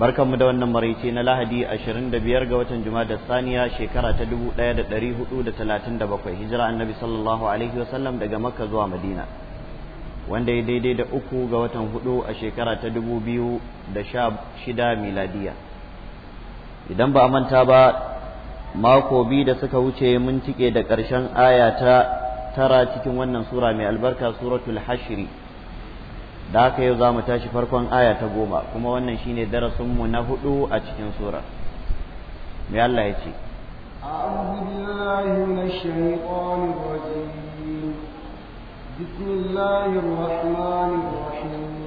mu da wannan maraice na lahadi 25 ga watan da saniya shekara ta 1437 hijira annabi sallallahu alaihi wasallam daga makka zuwa madina wanda ya daidai da uku ga watan hudu a shekara ta 2016 miladiya idan ba a manta ba mako bi da suka wuce mun cike da ƙarshen aya ta tara cikin wannan sura mai albarka suratul hashiri da haka yau za mu tashi farkon aya ta goma kuma wannan shine darasinmu na hudu a cikin sura mai Allah ya ce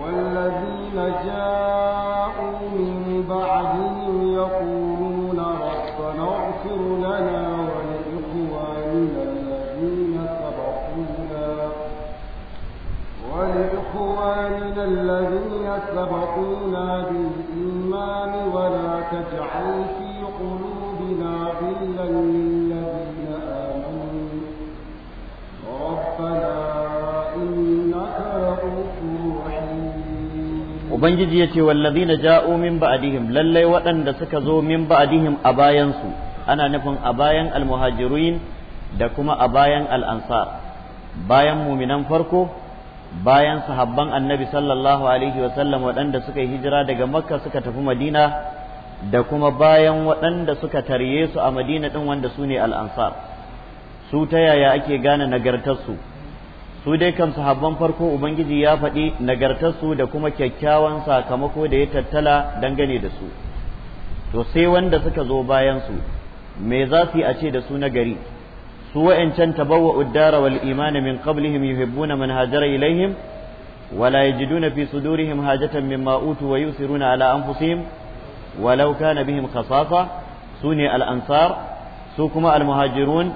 والذين جاءوا من بعدهم يقولون من الذين سبقونا بالإيمان ولا تجعل في قلوبنا غلا للذين آمنوا ربنا إنك رؤوف Ubangiji ya ce na ja'o min ba'adihim, lallai waɗanda suka zo min ba'adihim a bayansu ana nufin a bayan almuhajirin da kuma a bayan al'ansar bayan muminan farko bayan sahabban annabi sallallahu alaihi wasallam waɗanda suka yi hijira daga makka suka tafi madina da kuma bayan waɗanda suka tarye su a madina ɗin wanda su ne al'ansar su ta yaya ake gane nagartarsu su dai kan sahabban farko ubangiji ya faɗi nagartarsu da kuma kyakkyawan sakamako da ya tattala dangane da su to sai wanda suka zo bayansu me za su yi a ce da su nagari gari su wa'incan tabawwa uddara wal iman min qablihim yuhibbuna man hajara ilayhim wa la yajiduna fi sudurihim hajatan mimma utu wa yusiruna ala anfusihim walau kana bihim khasasa suni al ansar su kuma al muhajirun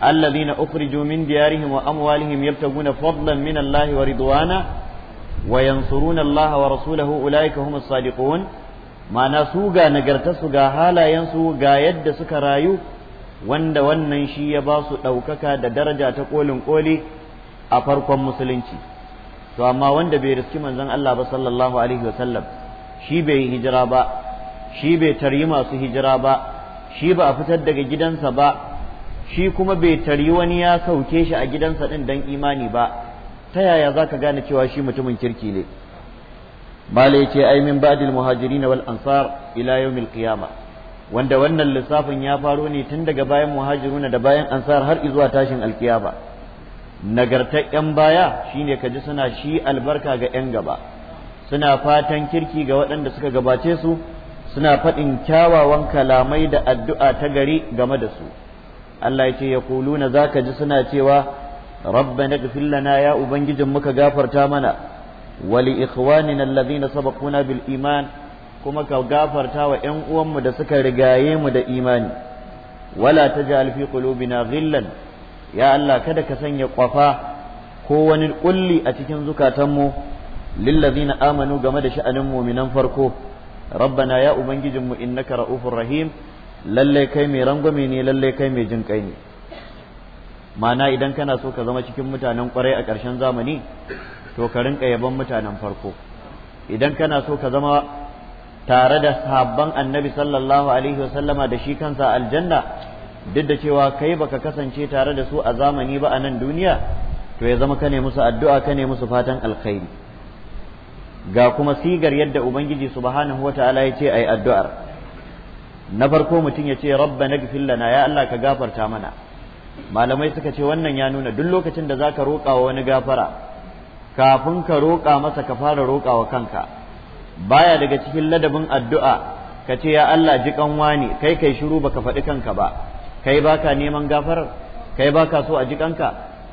alladhina ukhriju min diyarihim wa amwalihim yabtaguna fadlan min allahi wa ridwana wa yansuruna allaha wa rasulahu ulaika humus sadiqun ma'ana su ga nagarta su ga halayen su ga yadda suka rayu wanda wannan shi ya ba su ɗaukaka da daraja ta kolin koli a farkon musulunci to amma wanda bai riski manzon Allah ba sallallahu alaihi sallam shi bai yi hijira ba shi bai taryi masu hijira ba shi ba a fitar daga gidansa ba shi kuma bai taryi wani ya sauke shi a gidansa din dan imani ba ta yaya za ka gane cewa shi mutumin kirki ne ya ce ai min ba'dil muhajirina wal ansar ila yawmil qiyamah wanda wannan lissafin ya faro ne tun daga bayan muhajiruna da bayan ansar har zuwa tashin alkiyama nagartar yan baya shine kaji suna shi albarka ga yan gaba suna fatan kirki ga waɗanda suka gabace su suna faɗin kyawawan kalamai da addu'a ta gari game da su Allah ya ce ya kuluna za ka ji suna cewa rabbana gafir lana ya ubangijin muka gafarta mana wali ikhwanina alladhina sabaquna bil iman kuma ka gafarta wa ‘yan uwanmu da suka rigaye mu da imani, wala ta ji alfi qulubina Zillan. ya Allah kada ka sanya kwafa ko wani ƙulli a cikin zukatanmu na amanu game da sha'anin muminan farko, rabbana ya Ubangijinmu innaka ra'ufur rahim, lallai kai mai rangwame ne lallai kai mai jin kai ne. Mana idan kana so ka zama cikin mutanen kwarai a ƙarshen zamani, to ka rinka yabon mutanen farko. Idan kana so ka zama tare da sahabban annabi sallallahu alaihi wasallama da shi kansa aljanna duk da cewa kai baka kasance tare da su a zamani ba a nan duniya to ya zama ka ne musu addu'a kane musu fatan alkhairi ga kuma sigar yadda ubangiji subhanahu wata'ala ya ce ai addu'ar na farko mutum ya ce rabbana gfir lana ya Allah ka gafarta mana malamai suka ce wannan ya nuna duk lokacin da zaka roƙa wa wani gafara kafin ka roƙa masa ka fara roƙa wa kanka baya daga cikin ladabin addu'a ka ce ya Allah ji kanwa ne kai kai shiru baka faɗi kanka ba kai baka neman gafarar kai baka so a ji kanka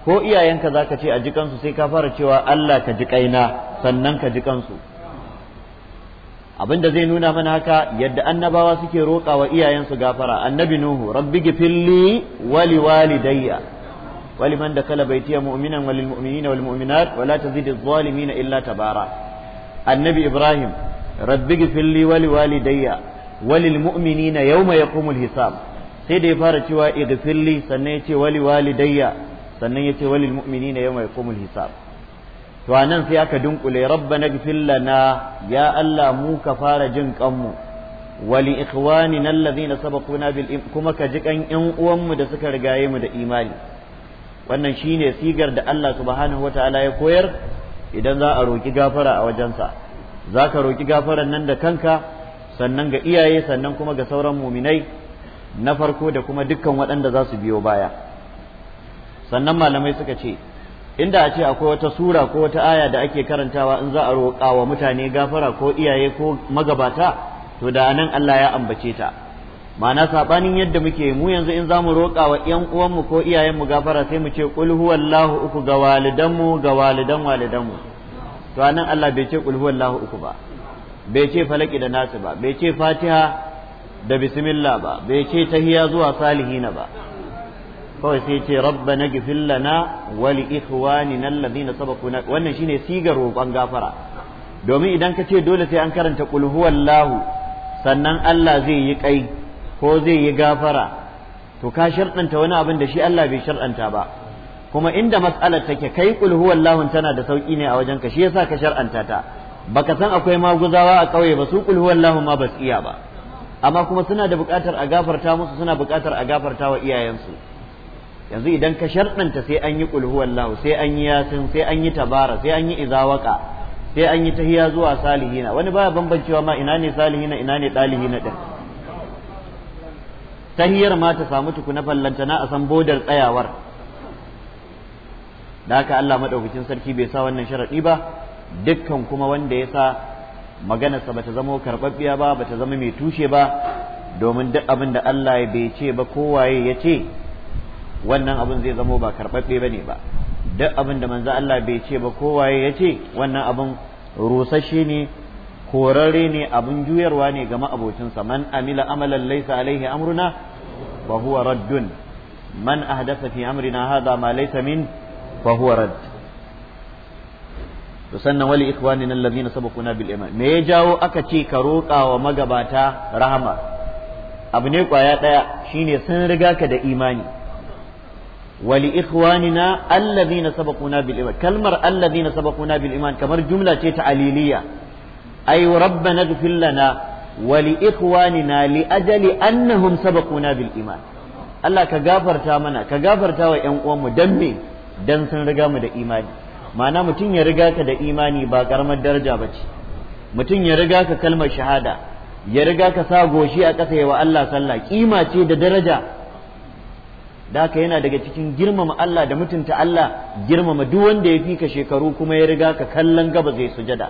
ko iyayenka zaka ce a ji kansu sai ka fara cewa Allah ka ji kaina sannan ka ji kansu zai nuna mana haka yadda annabawa suke roƙa wa iyayensu gafara annabi nuhu rabbi gifilli wali walidayya wali man da kala baitiya mu'minan walil mu'minina wal mu'minat wala tazidil zalimin illa tabara annabi ibrahim rabbi gifilli wali walidayya walil mu'minina yawma yaqumul hisab sai da ya fara cewa igfirli sannan ya ce wali walidayya sannan ya ce walil mu'minina yawma yaqumul hisab to anan sai aka dunkule rabbana gfir lana ya Allah mu ka fara jin kanmu wali ikwani alladhina sabaquna bil kuma ka ji kan yan uwanmu da suka rigaye mu da imani wannan shine sigar da Allah subhanahu wataala ya koyar idan za a roki gafara a wajensa za ka roƙi gafaran nan da kanka sannan ga iyaye sannan kuma ga sauran muminai na farko da kuma dukkan waɗanda za su biyo baya sannan malamai suka ce inda a ce akwai wata sura ko wata aya da ake karantawa in za a roƙa wa mutane gafara ko iyaye ko magabata to da nan Allah ya ambace ta ma'ana sabanin yadda muke mu yanzu in zamu roƙa wa ƴan uwanmu ko iyayenmu gafara sai mu ce qul huwallahu uku ga walidanmu ga walidan walidanmu to anan Allah bai ce qul huwallahu uku ba bai ce falaki da nasu ba bai ce fatiha da bismillah ba bai ce tahiya zuwa salihina ba kawai sai ce rabbana ghfir lana wa li ikhwanina alladhina sabaquna wannan shine sigar roƙon gafara domin idan ka ce dole sai an karanta qul huwallahu sannan Allah zai yi kai ko zai yi gafara to ka sharɗanta wani abin da shi Allah bai sharɗanta ba kuma inda matsalar take kai kul huwallahu tana da sauki ne a wajen ka shi yasa ka shar'anta ta baka san akwai maguzawa a ƙauye ba su kul huwallahu ma ba iya ba amma kuma suna da buƙatar a gafarta musu suna buƙatar a gafarta wa iyayensu yanzu idan ka sharɗanta sai an yi kul huwallahu sai an yi yasin sai an yi tabara sai an yi izawaka sai an yi tahiya zuwa salihina wani baya bambancewa ma ina ne salihina ina ne dalihina din saniyar ma ta samu tukuna fallantana a san bodar tsayawar da haka Allah madaukakin sarki bai sa wannan sharadi ba dukkan kuma wanda ya sa maganarsa bata zama karɓaɓɓiya ba bata zama mai tushe ba domin duk abin da Allah bai ce ba kowaye ya ce wannan abin zai zamo ba karɓaɓɓe ba ne ba duk abin da manzo Allah bai ce ba kowaye ya ce wannan abin rusashe ne korarre ne abin juyarwa ne ga ma'abocinsa man amila amalan laysa alaihi amruna fa huwa raddun man ahdatha fi amrina hadha ma laysa min fa huwa radd to sannan wali ikhwanina alladhina sabaquna bil iman me ya jawo aka ce ka roƙa wa magabata rahama abu ne kwaya daya shine sun riga ka da imani wali ikhwanina alladhina sabaquna bil iman kalmar alladhina sabaquna bil iman kamar jumla ce ta aliliya أي ربنا اغفر لنا ولإخواننا لأجل أنهم سبقونا بالإيمان Allah ka gafarta mana ka gafarta wa yan uwan mu me dan sun riga mu da imani ma'ana mutum ya riga ka da imani ba karamar daraja ba ce mutum ya riga ka kalma shahada ya riga ka sa goshi a ƙasa wa Allah sallah kima ce da daraja da haka yana daga cikin girmama Allah da mutunta Allah girmama duk wanda ya fi ka shekaru kuma ya riga ka kallon gaba zai sujada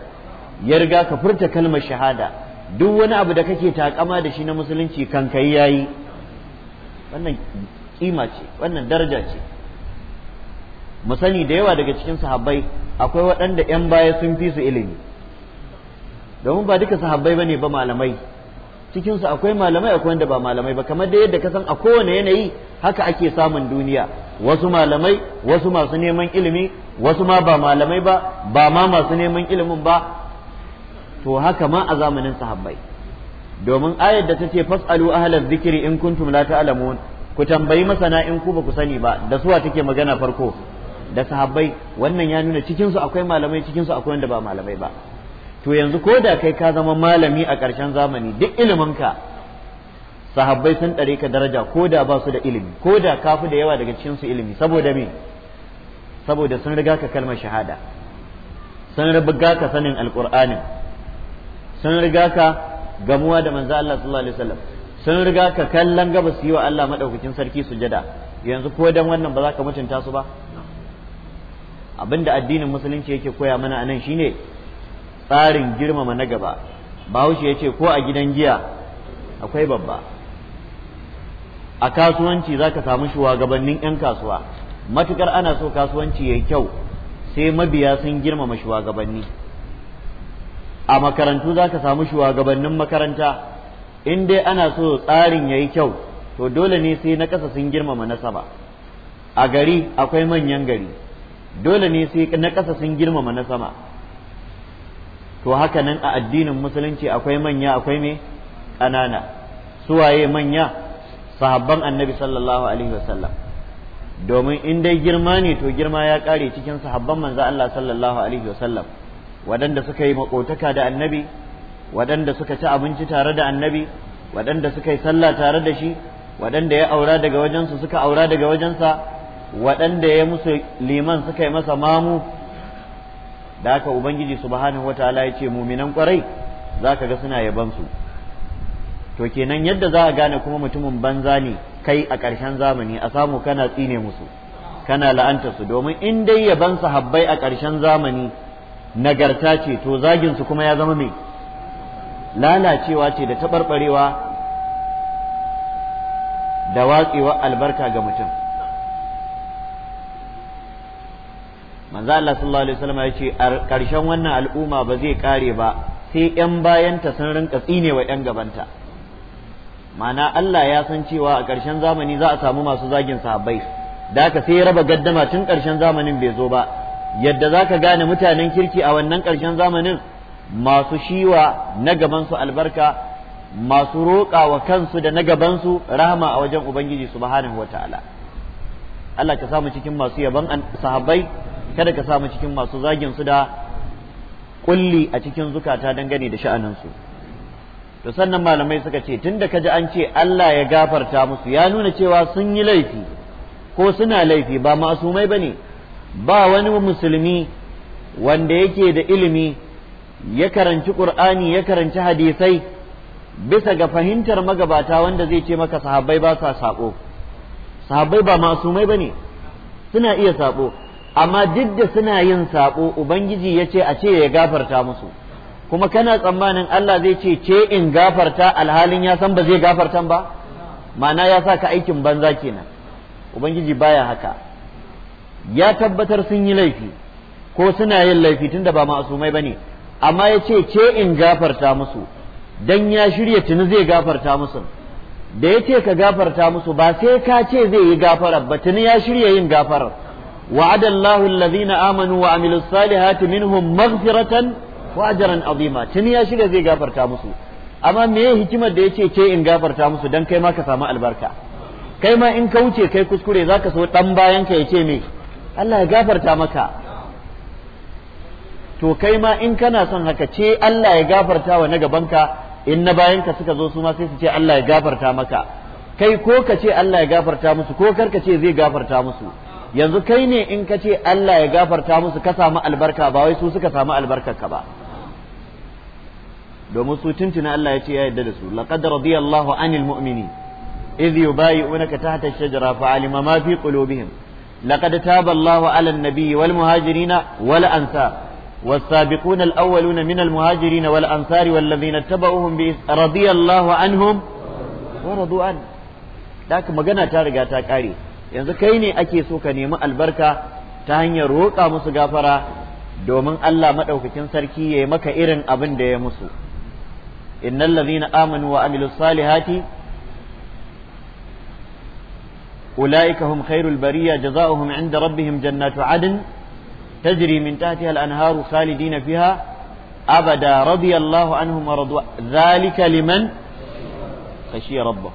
ya riga ka furta kalmar shahada duk wani abu da kake takama da shi na musulunci kan kai yayi wannan kima ce wannan daraja ce mu sani da yawa daga cikin sahabbai akwai waɗanda 'yan baya sun fi su ilimi domin ba duka sahabbai bane ba malamai cikinsu akwai malamai akwai wanda ba malamai ba kamar da yadda ka san a kowane yanayi haka ake samun duniya wasu malamai wasu masu neman ilimi wasu ma ba malamai ba ba ma masu neman ilimin ba to haka ma a zamanin sahabbai domin ayar da ta ce fasalu ahlaz zikri in kuntum la ta'lamun ku tambayi masana in ku ba ku sani ba da suwa take magana farko da sahabbai wannan ya nuna cikin su akwai malamai cikin su akwai wanda ba malamai ba to yanzu ko da kai ka zama malami a ƙarshen zamani duk ilimin ka sahabbai sun ɗare ka daraja ko da ba su da ilimi ko da ka fi da yawa daga cikinsu ilimi saboda me saboda sun riga ka kalmar shahada sun riga ka sanin alƙur'anin sun riga ka gamuwa da manzo Allah sallallahu alaihi wasallam sun riga ka kallon gaba su yi wa Allah madaukakin sarki sujada yanzu ko dan wannan ba za ka mutunta su ba abinda addinin musulunci yake koya mana anan shine tsarin girmama na gaba bahaushe ya ce ko a gidan giya akwai babba a kasuwanci za ka samu shugabannin 'yan kasuwa matukar ana so kasuwanci ya yi kyau sai mabiya sun girmama shugabanni a makarantu za ka samu shugabannin makaranta in dai ana so tsarin ya yi kyau to dole ne sai na ƙasa sun girmama nasaba a gari akwai manyan gari dole ne sai na ƙasa sun girmama na sama to haka nan a addinin musulunci akwai manya akwai me ƙanana suwaye manya sahabban annabi sallallahu alaihi wasallam domin in dai girma ne to girma ya ƙare cikin sahabban manzo Allah sallallahu alaihi wasallam waɗanda suka yi makotaka da annabi waɗanda suka ci abinci tare da annabi waɗanda suka yi sallah tare da shi waɗanda ya aura daga wajensu suka aura daga wajensa waɗanda ya musu liman suka yi masa mamu da haka ubangiji subhanahu ala ya ce muminan kwarai za ka ga suna yabansu to kenan yadda za a gane kuma mutumin banza ne kai a ƙarshen zamani a samu kana tsine musu kana la'anta su domin in dai yabansa habbai a ƙarshen zamani nagarta ce to zaginsu kuma ya zama mai lalacewa ce da taɓarɓarewa da watsewa albarka ga mutum manzo Allah sallallahu alaihi wasallam ya ce ƙarshen wannan al'umma ba zai kare ba sai ƴan bayanta sun rinka tsine wa ƴan gabanta ma'ana Allah ya san cewa a ƙarshen zamani za a samu masu zagin sahabbai da haka sai ya raba gaddama tun ƙarshen zamanin bai zo ba yadda za ka gane mutanen kirki a wannan ƙarshen zamanin masu shiwa na gabansu albarka masu roƙa wa kansu da na gabansu rahama a wajen ubangiji subhanahu wataala Allah ka samu cikin masu yaban sahabbai kada ka samu cikin masu zagin su da kulli a cikin zukata dangane da su to sannan malamai suka ce tunda ka ji an ce Allah ya gafarta musu ya nuna cewa sun yi laifi ko suna laifi ba masumai bane ba wani musulmi wanda yake da ilimi ya karanci ƙur'ani ya karanci hadisai bisa ga fahimtar magabata wanda zai ce maka sahabbai ba sa saƙo sahabbai ba masumai ba ne suna iya saƙo amma duk da suna yin saƙo ubangiji ya ce a ce ya gafarta musu kuma kana tsammanin Allah zai ce ce in gafarta alhalin ya san ba zai gafartan ba ma'ana ya sa aikin banza kenan ubangiji baya haka ya tabbatar sun yi laifi ko suna yin laifi tun da ba ba ne amma ya ce ce in gafarta musu dan ya shirya tuni zai gafarta musu da ya ce ka gafarta musu ba sai ka ce zai yi gafarar ba tuni ya shirya yin gafarar wa'adallahu allazina amanu wa amilus salihati minhum maghfiratan wa ajran azima tuni ya shirya zai gafarta musu amma me hikimar da ya ce ce in gafarta musu dan kai ma ka samu albarka kai ma in ka wuce kai kuskure zaka so dan bayan ka ya ce me Allah ya gafarta maka to kai ma in kana son haka ce Allah ya gafarta wa na gabanka in na bayanka suka zo su ma sai su ce Allah ya gafarta maka kai ko ka ce Allah ya gafarta musu ko kar ka ce zai gafarta musu yanzu kai ne in ka ce Allah ya gafarta musu ka samu albarka ba wai su suka samu ka ba domin su tuntuna Allah ya ce ya yarda da su laqad radiyallahu anil mu'mini idh yubayi'unaka tahta ash-shajara fa'alima ma fi qulubihim لقد تاب الله على النبي والمهاجرين والأنصار والسابقون الأولون من المهاجرين والأنصار والذين اتبعوهم رضي الله عنهم ورضوا عنه لكن ما قلنا تارقا تاكاري yanzu kai ne ake so ka nemi albarka ta hanyar roƙa musu gafara domin Allah maɗaukakin sarki ya yi maka irin abin da ya musu innal ladhina amanu wa amilus salihati أولئك هم خير البرية جزاؤهم عند ربهم جنات عدن تجري من تحتها الأنهار خالدين فيها أبدا رضي الله عنهم ورضوا ذلك لمن خشي ربه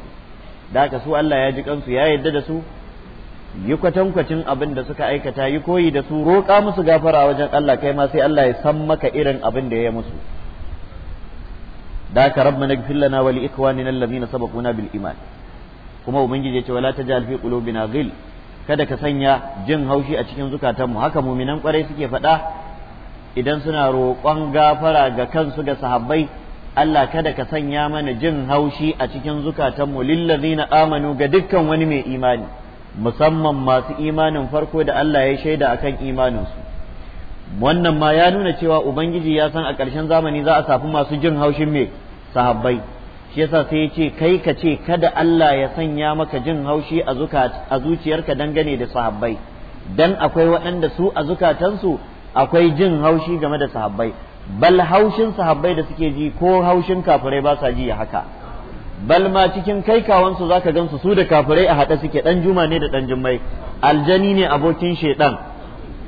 ذاك سوء الله يجيك أنسو يا يددسو yi kwatankwacin abin da suka aikata yi koyi da su roƙa musu gafara wajen Allah kai ma sai Allah ya san maka irin abin da ya musu da ka rabba na gafillana wa li na allazina bil iman kuma ubangiji ya ce wala ta jalfi qulubina ghil kada ka sanya jin haushi a cikin zukatanmu haka muminan kwarai suke faɗa idan suna roƙon gafara ga kansu ga sahabbai Allah kada ka sanya mana jin haushi a cikin zukatanmu lillazina amanu ga dukkan wani mai imani musamman masu imanin farko da Allah ya shaida akan imaninsu wannan ma ya nuna cewa ubangiji ya san a ƙarshen zamani za a safi masu jin haushin mai sahabbai shi yasa sai ya ce kai ka ce kada Allah ya sanya maka jin haushi a zuciyarka dangane da sahabbai dan akwai waɗanda su a zukatansu akwai jin haushi game da sahabbai bal haushin sahabbai da suke ji ko haushin kafirai ba sa ji haka bal ma cikin kai kawansu zaka gansu su da kafirai a haɗa suke dan juma ne da dan jummai aljani ne abokin shaidan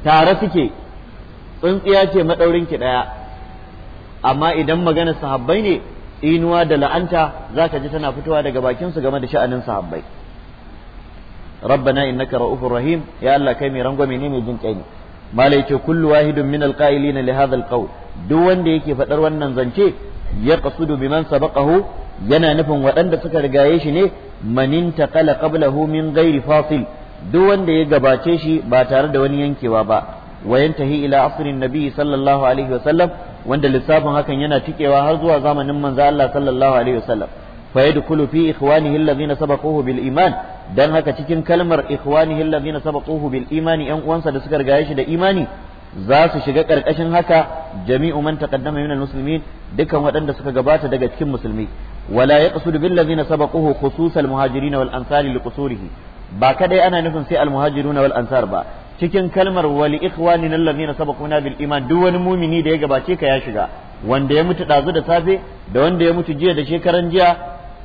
tare suke tsuntsiya ce madaurin ki daya amma idan magana sahabbai ne tsinuwa da la'anta zaka ji tana fitowa daga bakin su game da sha'anin sahabbai rabbana innaka ra'ufur rahim ya Allah kai mai rangwame ne mai jin kai ne malai ce kullu wahidun min alqailina li hadha duk wanda yake faɗar wannan zance ya qasudu biman sabaqahu yana nufin waɗanda suka rigaye shi ne manin kala kabla min ghairi fasil duk wanda ya gabace shi ba tare da wani yankewa ba wayantahi ila asrin nabi sallallahu alaihi wasallam wanda lissafin hakan yana tikewa har zuwa zamanin manzo Allah sallallahu alaihi wasallam fa yadkhulu fi ikhwanihi alladhina sabaquhu bil iman dan haka cikin kalmar ikhwanihi alladhina sabaquhu bil imani yan uwansa da suka rigaye shi da imani za su shiga karkashin haka jami'u man taqaddama min almuslimin dukan waɗanda suka gabata daga cikin musulmi wala yaqsudu bil ladhina sabaquhu khusus al muhajirin wal ansari liqusurihi ba kadai ana nufin sai al muhajiruna wal ansar ba cikin kalmar wali ikhwani nan lazina na bil iman duk wani mumini da ya gabace ka ya shiga wanda ya mutu dazu da safe da wanda ya mutu jiya da shekaran jiya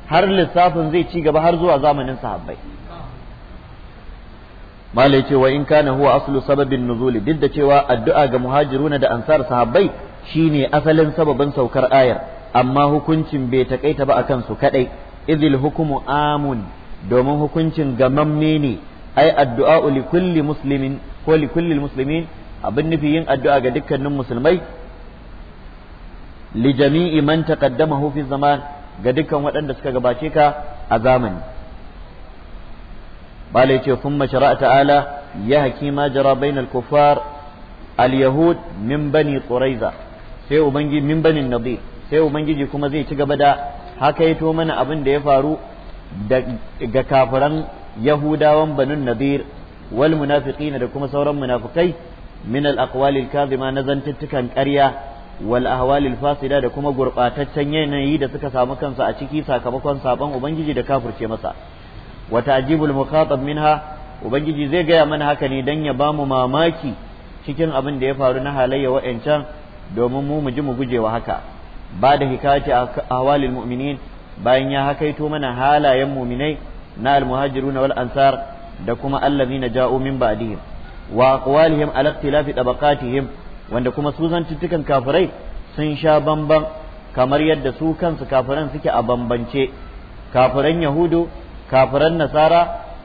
har lissafin zai ci gaba har zuwa zamanin sahabbai malai ce wa in kana huwa aslu sababin nuzuli duk da cewa addu'a ga muhajiruna da ansar sahabbai shine asalin sababin saukar ayar amma hukuncin bai takaita ba akan su kadai idil hukumu amun domin hukuncin gamamme ne ai addu'a li kulli muslimin ko li kulli muslimin abin nufi yin addu'a ga dukkanin musulmai li jami'i man taqaddamahu fi zaman ga dukkan waɗanda suka gabace ka a zamani bala yace thumma shara'a ta'ala ya hakima jara bainal kuffar al yahud min bani quraiza sai ubangiji min bani nabi sai ubangiji kuma zai ci gaba da haka yato mana abin da ya faru ga kafiran yahudawan banun nadir wal munafiqina da kuma sauran munafikai minal al aqwalil kadhima na zantuttukan ƙarya wal ahwalil fasida da kuma gurɓataccen yanayi da suka samu kansa a ciki sakamakon sabon ubangiji da kafirce masa Wata ajibul mukhatab minha ubangiji zai gaya mana haka ne dan ya bamu mamaki cikin abin da ya faru na halayya wa'ancan domin mu mu ji mu gujewa haka ba da a ahwalil mu'minin bayan ya hakaito mana halayen mu'minai na al na wal ansar da kuma allazina ja'u min ba'dihim wa aqwalihim ala ikhtilafi him wanda kuma su zantuttukan kafirai sun sha bamban kamar yadda su kansu kafiran suke a bambance kafiran yahudu kafiran nasara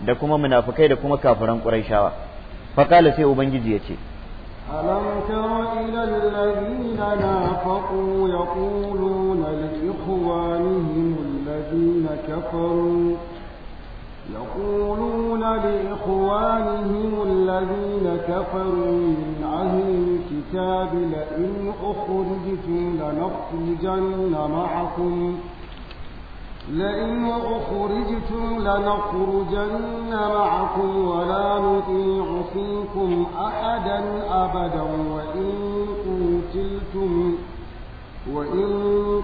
da kuma munafukai da kuma kafiran quraishawa fa sai ubangiji ya ce ألم تر إلى الذين نافقوا يقولون لإخوانهم الذين كفروا يقولون لإخوانهم الذين كفروا من أهل الكتاب لئن أخرجتم لنخرجن معكم لئن أخرجتم لنخرجن معكم ولا نطيع فيكم أحدا أبدا وإن قتلتم وإن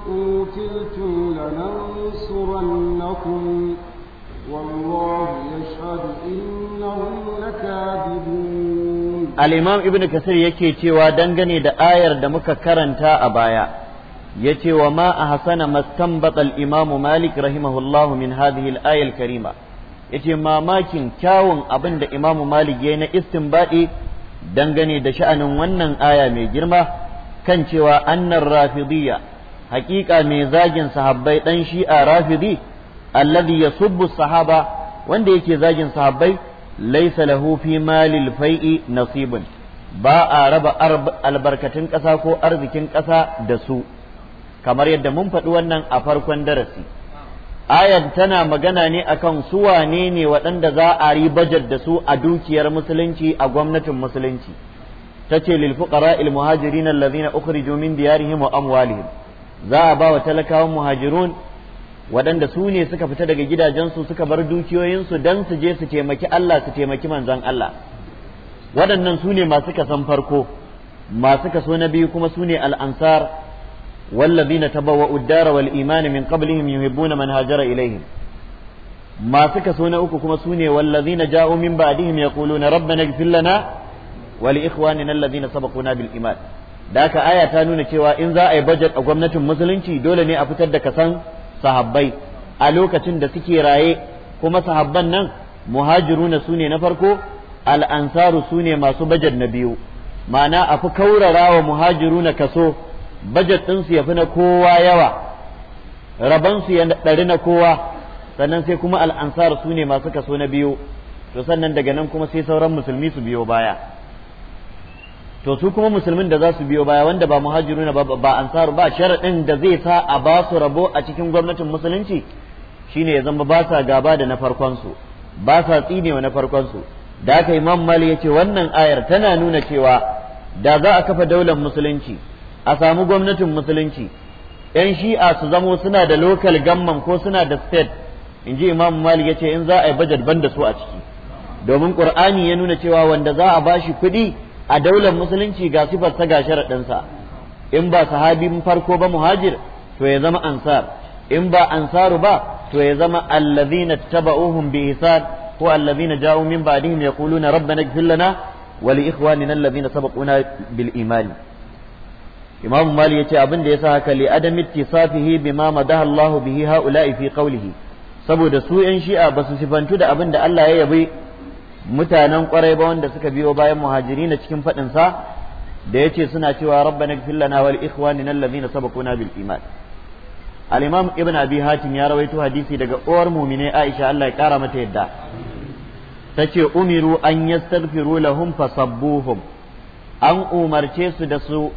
قتلتم لننصرنكم Al’imam Ibn Kasir yake cewa dangane da ayar da muka karanta a baya, ya ce wa ma a hasana mastan imamu Malik rahimahullahu min hadhihi al karima, ya ce mamakin kyawun abin da imamu Malik ya yi na istinbaɗi dangane da sha’anin wannan aya mai girma kan cewa annan rafidiyya, haƙiƙa mai zagin sahabbai ɗan shi'a rafidi. rafidi alladhi yasubbu sahaba wanda yake zagin sahabbai laysa lahu fi malil fai'i nasibun ba a raba albarkatun ƙasa ko arzikin ƙasa da su kamar yadda mun faɗi wannan a farkon darasi ayar tana magana ne akan su wane ne waɗanda za a yi bajar da su a dukiyar musulunci a gwamnatin musulunci ta ce lil fuqara il muhajirin allazina ukhriju min diyarihim wa amwalihim za a ba wa talakawan muhajirun waɗanda su ne suka fita daga gidajensu suka bar dukiyoyinsu don su je su taimaki Allah su taimaki manzon Allah waɗannan su ne masu kasan farko masu kaso na biyu kuma su ne al'ansar wallazina ta bawa dara wal imani min qablihim yuhibbuna man hajara ilaihim masu kaso na uku kuma sune wallazina ja'u min na yaquluna na gifin lana wa li ikhwanina allazina na bil iman da aya ta nuna cewa in za a yi budget a gwamnatin musulunci dole ne a fitar da kasan sahabbai a lokacin da suke raye kuma sahabban nan muhajiruna su ne na farko al'ansaru su ne masu bajet na biyu ma'ana a fi kaurarawa muhajiruna kaso bajet ɗinsu ya fi na kowa yawa rabansu ya ɗari na kowa sannan sai kuma al'ansaru su ne masu kaso na biyu to sannan daga nan kuma sai sauran musulmi su biyo baya to su kuma musulmin da za su biyo baya wanda ba muhajiru ba ba ansaru ba sharadin da zai sa a ba su rabo a cikin gwamnatin musulunci shine ya zama ba sa gaba da na farkon su ba sa tsinewa na farkon su da aka imam mali yace wannan ayar tana nuna cewa da za a kafa daular musulunci a samu gwamnatin musulunci yan shi'a su zamo suna da local gamman ko suna da state in ji imam mali yace in za a yi budget banda su a ciki domin qur'ani ya nuna cewa wanda za a bashi kuɗi a daular musulunci ga sifar ta gashi sharaɗinsa in ba sahabin farko ba muhajir to ya zama ansar in ba ansaru ba to ya zama allazina taba'uhum bi ihsan ko allazina ja'u min ba'dihim yaquluna rabbana ighfir lana wa li ikhwanina allazina sabaquna bil iman imam mali yace abin da yasa haka li adam ittisafihi bima madaha Allahu bihi haula'i fi qawlihi saboda su yan shi'a basu sifantu da abin da Allah ya yabi mutanen kwarai ba wanda suka biyo bayan muhajiri na cikin faɗinsa da ya ce suna cewa rabba na ighfir lana wal ikhwanina allazina sabaquna bil iman Alimam ibn abi hatim ya rawaito hadisi daga uwar mu'mine aisha Allah ya kara mata yadda Ta ce umiru an yastaghfiru lahum fasabbuhum an umarce su da su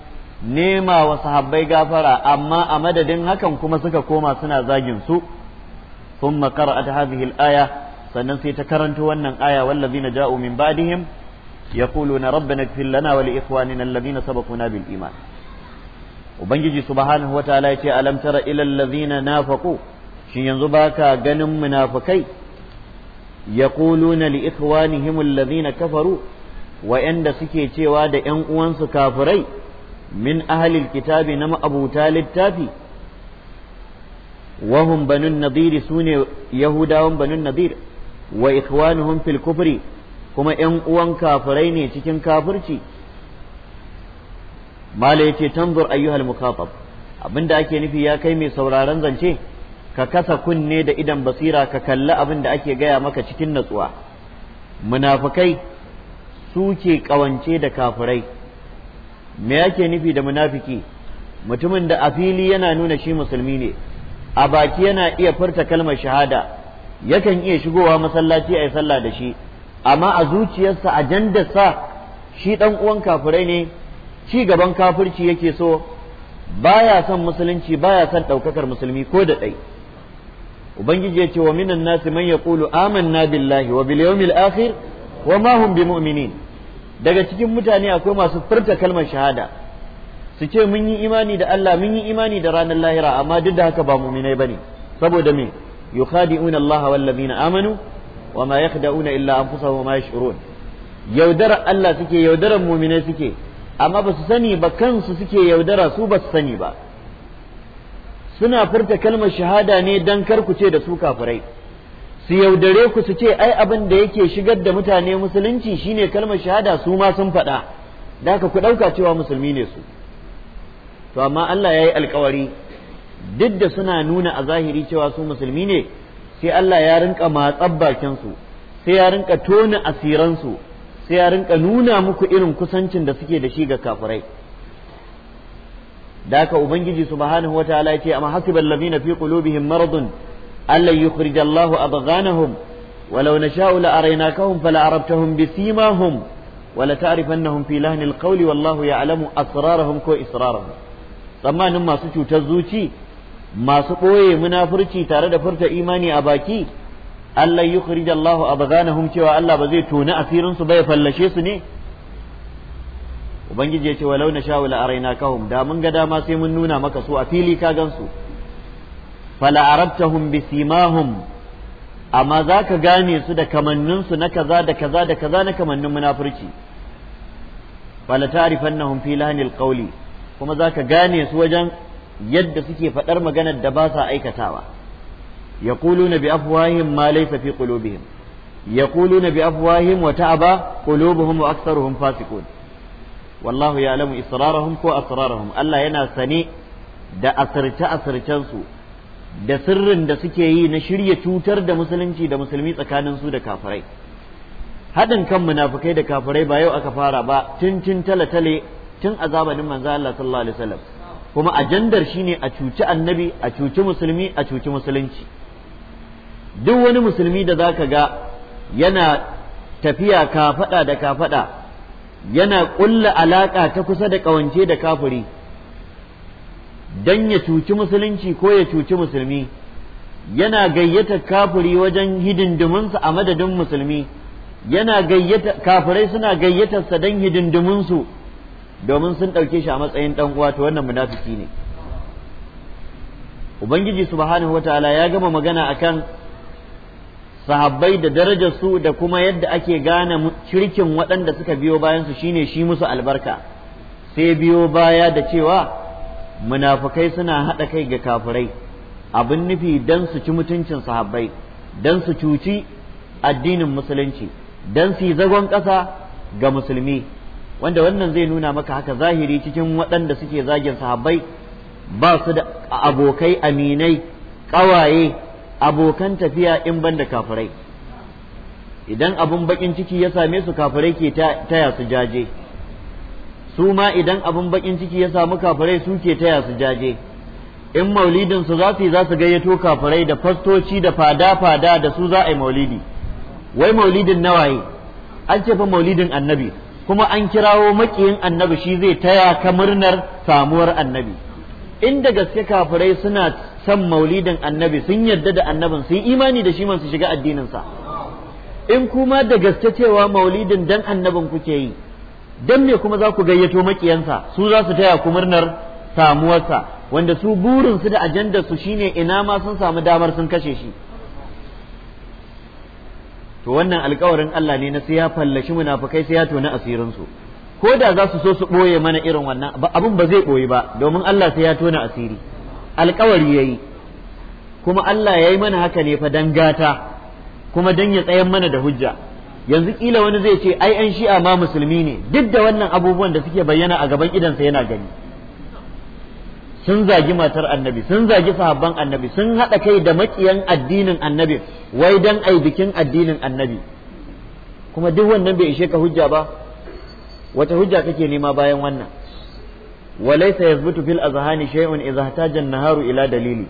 nema wa sahabbai gafara amma a madadin hakan kuma suka koma suna zagin su ثم قرأت هذه الآية sannan sai ta karanto wannan aya wallazina ja'u min ba'dihim yaquluna rabbana ighfir lana wa li ikhwanina alladhina sabaquna bil iman ubangiji subhanahu wataala yace alam tara ila alladhina nafaqu shin yanzu baka ganin munafikai yaquluna li ikhwanihim alladhina kafaru wa'anda suke cewa da ƴan uwansu kafirai min ahlil kitabi na ma'abuta littafi wahum banun nadir su ne yahudawan banun nadir wa ikhwanuhum fil kufri kuma ‘yan uwan kafirai ne cikin kafirci mala yace tanzur ayyuhal mukhatab abinda ake nufi ya kai mai sauraron zance ka kasa kunne da idan basira ka kalli abin da ake gaya maka cikin natsuwa munafikai suke kawance da kafirai me yake nufi da munafiki mutumin da a fili yana nuna shi musulmi ne a baki yana iya furta kalmar shahada yakan iya shigowa masallaci a yi sallah da shi amma a zuciyarsa ajandarsa shi ɗan uwan kafirai ne ci gaban kafirci yake so baya son musulunci baya son ɗaukakar musulmi ko da ɗai ubangiji ya ce wa minan nasi man yaqulu amanna billahi wa bil yawmil akhir wa ma hum bimu'minin daga cikin mutane akwai masu furta kalmar shahada su ce mun yi imani da Allah mun yi imani da ranar lahira amma duk da haka ba mu'minai bane saboda me yukhadi'una Allah wal ladina amanu wama yakhda'una illa anfusahum wama yash'urun yaudara Allah suke yaudaran mu'minai suke amma ba su sani ba kansu suke yaudara su basu sani ba suna furta kalmar shahada ne dan kar ku ce da su kafirai su yaudare ku su ce ai abin da yake shigar da mutane musulunci shine kalmar shahada su ma sun faɗa da ku ɗauka cewa musulmi ne su to amma Allah ya yi alkawari duk da suna nuna a zahiri cewa su musulmi ne sai Allah ya rinka matsab bakinsu sai ya rinka tona asiransu sai ya rinka nuna muku irin kusancin da suke da shi ga kafirai da haka ubangiji subhanahu wataala ya ce amma hasibal ladina fi qulubihim maradun allan yukhrij Allahu abghanahum ولو نشاء لأريناكهم فلعرفتهم بسيماهم ولتعرفنهم في لهن القول والله يعلم أسرارهم كو إسرارهم tsammanin masu cutar zuci masu ɓoye munafurci tare da furta imani a baki Allah yi kurij Allah a bazanahum cewa Allah ba zai toni asirinsu ba ya fallashe su ne Ubangiji ya ce walau na sha wala araina kahum da mun ga dama sai mun nuna maka su a fili ka gansu fala arabtahum bisimahum amma za ka gane su da kamanninsu na kaza da kaza da kaza na kamannin munafurci fala ta'rifannahum fi lahnil qawli kuma za ka gane su wajen yadda suke faɗar maganar da ba sa aikatawa yaquluna bi afwahihim ma laysa fi qulubihim yaquluna bi afwahihim wa ta'aba qulubuhum wa aktharuhum fasiqun wallahu ya'lamu israrahum ko asrarahum Allah yana sane da asirce asircen su da sirrin da suke yi na shirya cutar da musulunci da musulmi tsakanin su da kafirai haɗin kan munafukai da kafirai ba yau aka fara ba tun tun tale tale tun a zamanin manzo Allah sallallahu alaihi wasallam kuma ajandar shine a cuci annabi a cuci musulmi a cuci musulunci duk wani musulmi da za ka ga yana tafiya kafada da kafada yana ƙulla alaƙa ta kusa da ƙawance da kafiri dan ya cuci musulunci ko ya cuci musulmi yana gayyata kafiri wajen hidindiminsa a madadin musulmi yana gayyata kafirai suna gayyatarsa don hidindiminsu domin sun ɗauke shi a matsayin ɗan uwa to wannan munafiki ne ubangiji subhanahu wataala ya gama magana akan sahabbai da darajar su da kuma yadda ake gane shirkin waɗanda suka biyo bayan su shine shi musu albarka sai biyo baya da cewa munafukai suna haɗa kai ga kafirai abin nufi dan su ci mutuncin sahabbai dan su cuci addinin musulunci dan su yi zagon ƙasa ga musulmi wanda wannan zai nuna maka haka zahiri cikin waɗanda suke zagin sahabbai ba su da abokai aminai ƙawaye abokan tafiya in ban da kafirai idan abin bakin ciki ya same su kafirai ke taya su jaje su ma idan abin bakin ciki ya samu kafirai su ke taya su jaje in maulidin su za su yi za su gayyato kafirai da fastoci da fada-fada da su za a yi maulidi wai maulidin nawaye an ce fa maulidin annabi kuma an kirawo makiyin annabi shi zai taya ka murnar samuwar annabi In da gaske kafirai suna son maulidin annabi sun yarda da annabin sun imani da shi man su shiga addininsa in kuma da gaske cewa maulidin dan annabin kuke yi dan me kuma za ku gayyato makiyansa su za su taya ku murnar samuwarsa wanda su burinsu da ajandar su shine ina ma sun samu damar sun kashe shi to wannan alkawarin Allah ne na sai ya fallashi munafikai sai ya tona asirin su ko da za su so su boye mana irin wannan abin ba zai boye ba domin Allah sai ya tona asiri alkawari yayi kuma Allah ya yi mana haka ne fa dan gata kuma dan ya tsayan mana da hujja yanzu kila wani zai ce ai an shi'a ma musulmi ne duk da wannan abubuwan da suke bayyana a gaban idansa yana gani sun zagi matar annabi sun zagi sahabban annabi sun haɗa kai da makiyan addinin annabi wai dan ai bikin addinin annabi kuma duk wannan bai ishe ka hujja ba wata hujja kake nema bayan wannan walaysa yathbutu fil azhani shay'un idha ihtaja an-naharu ila dalili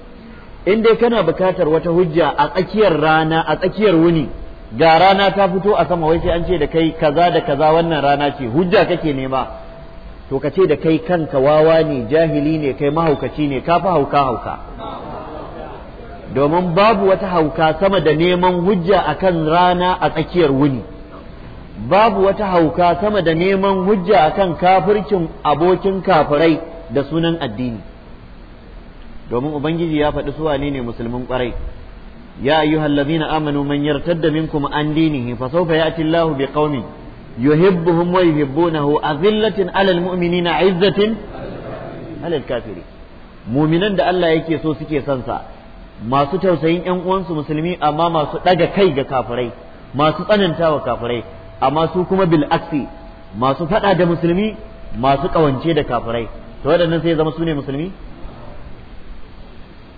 in dai kana bukatar wata hujja a tsakiyar rana a tsakiyar wuni ga rana ta fito a sama wai sai an ce da kai kaza da kaza wannan rana ce hujja kake nema to ka ce da kai kanka wawa ne jahili ne kai mahaukaci ne ka fi hauka hauka domin babu wata hauka sama da neman hujja akan rana a tsakiyar wuni babu wata hauka sama da neman hujja a kan kafircin abokin kafirai da sunan addini domin ubangiji ya faɗi su wane ne musulmin ƙwarai ya ayyuhallazina amanu man yartadda minkum an dinihi fa sawfa ya'ti Allahu biqaumin yuhibbuhum wa yuhibbunahu azillatin alal mu'minina izzatin alal kafiri muminan da Allah yake so suke son sa masu tausayin yan uwansu musulmi amma masu ɗaga kai ga kafirai masu wa kafirai amma su kuma bil aksi masu faɗa da musulmi masu ƙawance da kafirai to waɗannan sai zama su ne musulmi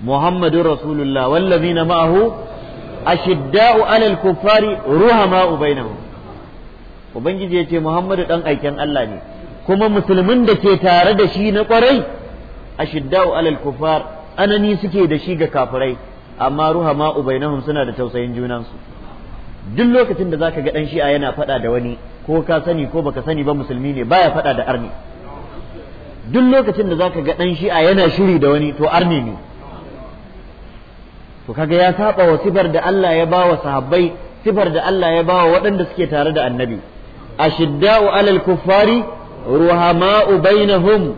muhammadun rasulullah wallazina ma'ahu ashidda'u alal kuffari ruhama'u bainahum ubangiji ya ce muhammadu dan aiken Allah ne kuma musulmin da ke tare da shi na kwarai shidda'u alal kufar anani suke da shi ga kafirai amma ruha ma ubainahum suna da tausayin junansu duk lokacin da zaka ga dan shi'a yana faɗa da wani ko ka sani ko baka sani ba musulmi ne baya faɗa da arni duk lokacin da zaka ga dan shi'a yana shiri da wani to arni ne to kaga ya saba wa sifar da Allah ya ba wa sahabbai sifar da Allah ya ba wa waɗanda suke tare da annabi A ashidda'u alal kuffari ruhama'u bainahum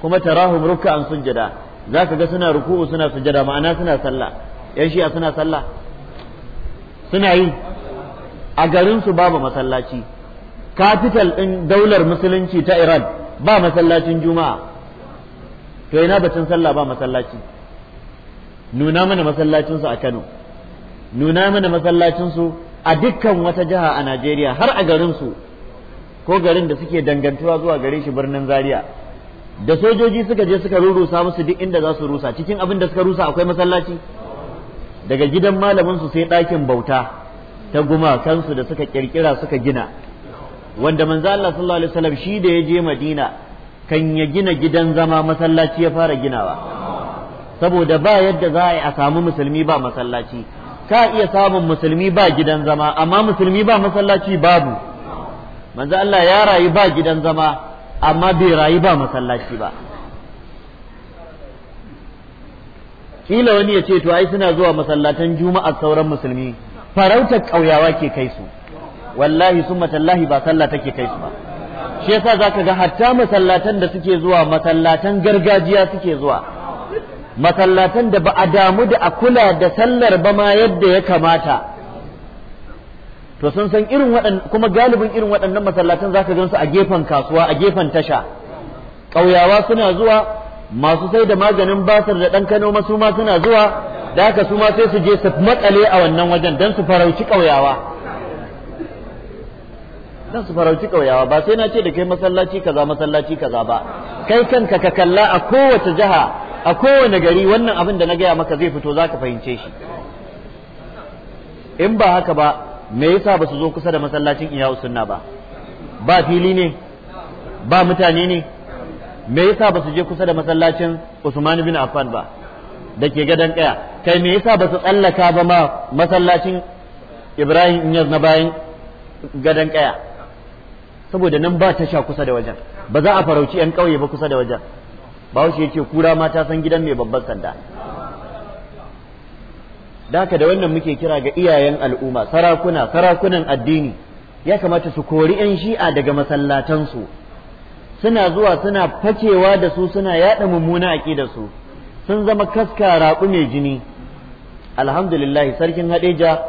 kuma tarahum ruk'an sujjada zaka ga suna ruku'u suna sujjada ma'ana suna sallah yan shi'a suna sallah suna yi a garin su babu masallaci capital din daular musulunci ta Iran ba masallacin juma'a to ina batun sallah ba masallaci nuna mana masallacin a Kano nuna mana masallacin a dukkan wata jiha a Najeriya har a garinsu ko garin da suke dangantuwa zuwa gare shi birnin Zaria da sojoji suka je suka rurusa musu duk inda za su rusa cikin abin da suka rusa akwai masallaci daga gidan malamin su sai ɗakin bauta ta gumakansu da suka kirkira suka gina wanda manzo Allah sallallahu alaihi wasallam shi da ya je Madina kan ya gina gidan zama masallaci ya fara ginawa saboda ba yadda za a yi a samu musulmi ba masallaci ka iya samun musulmi ba gidan zama amma musulmi ba masallaci babu manzo Allah ya rayu ba gidan zama amma bai rayu ba masallaci ba kila wani ya ce to ai suna zuwa masallatan juma'a sauran musulmi farautar ƙauyawa ke kai su wallahi summa tallahi ba sallah take kai su ba shi yasa zaka ga hatta masallatan da suke zuwa masallatan gargajiya suke zuwa masallatan da ba a damu da a kula da sallar ba ma yadda ya kamata to sun san irin waɗannan kuma galibin irin waɗannan masallatan zaka gansu a gefen kasuwa a gefen tasha ƙauyawa suna zuwa masu sai da maganin basar da ɗan kano ma su ma suna zuwa da haka su ma sai su je su matsale a wannan wajen don su farauci ƙauyawa don su farauci ƙauyawa ba sai na ce da kai masallaci kaza masallaci kaza ba kai kanka ka kalla a kowace jiha a kowane gari wannan abin da na gaya maka zai fito za ka fahimce shi in ba haka ba me yasa ba su zo kusa da masallacin iyawu sunna ba ba fili ne ba mutane ne me yasa ba su je kusa da masallacin usman bin affan ba da ke gadon kaya kai me yasa ba su tsallaka ba ma masallacin ibrahim inyaz na bayan gadon kaya saboda nan ba tasha kusa da wajen ba za a farauci 'yan ƙauye ba kusa da wajen bahaushe ya ce kura ma ta san gidan mai babban sanda da ka da wannan muke kira ga iyayen al'umma sarakuna sarakunan addini ya kamata su kori 'yan shi'a daga masallatansu suna zuwa suna fakewa da su suna yaɗa mummuna aƙidar su sun zama kaska raƙu mai jini alhamdulillah sarkin hadeja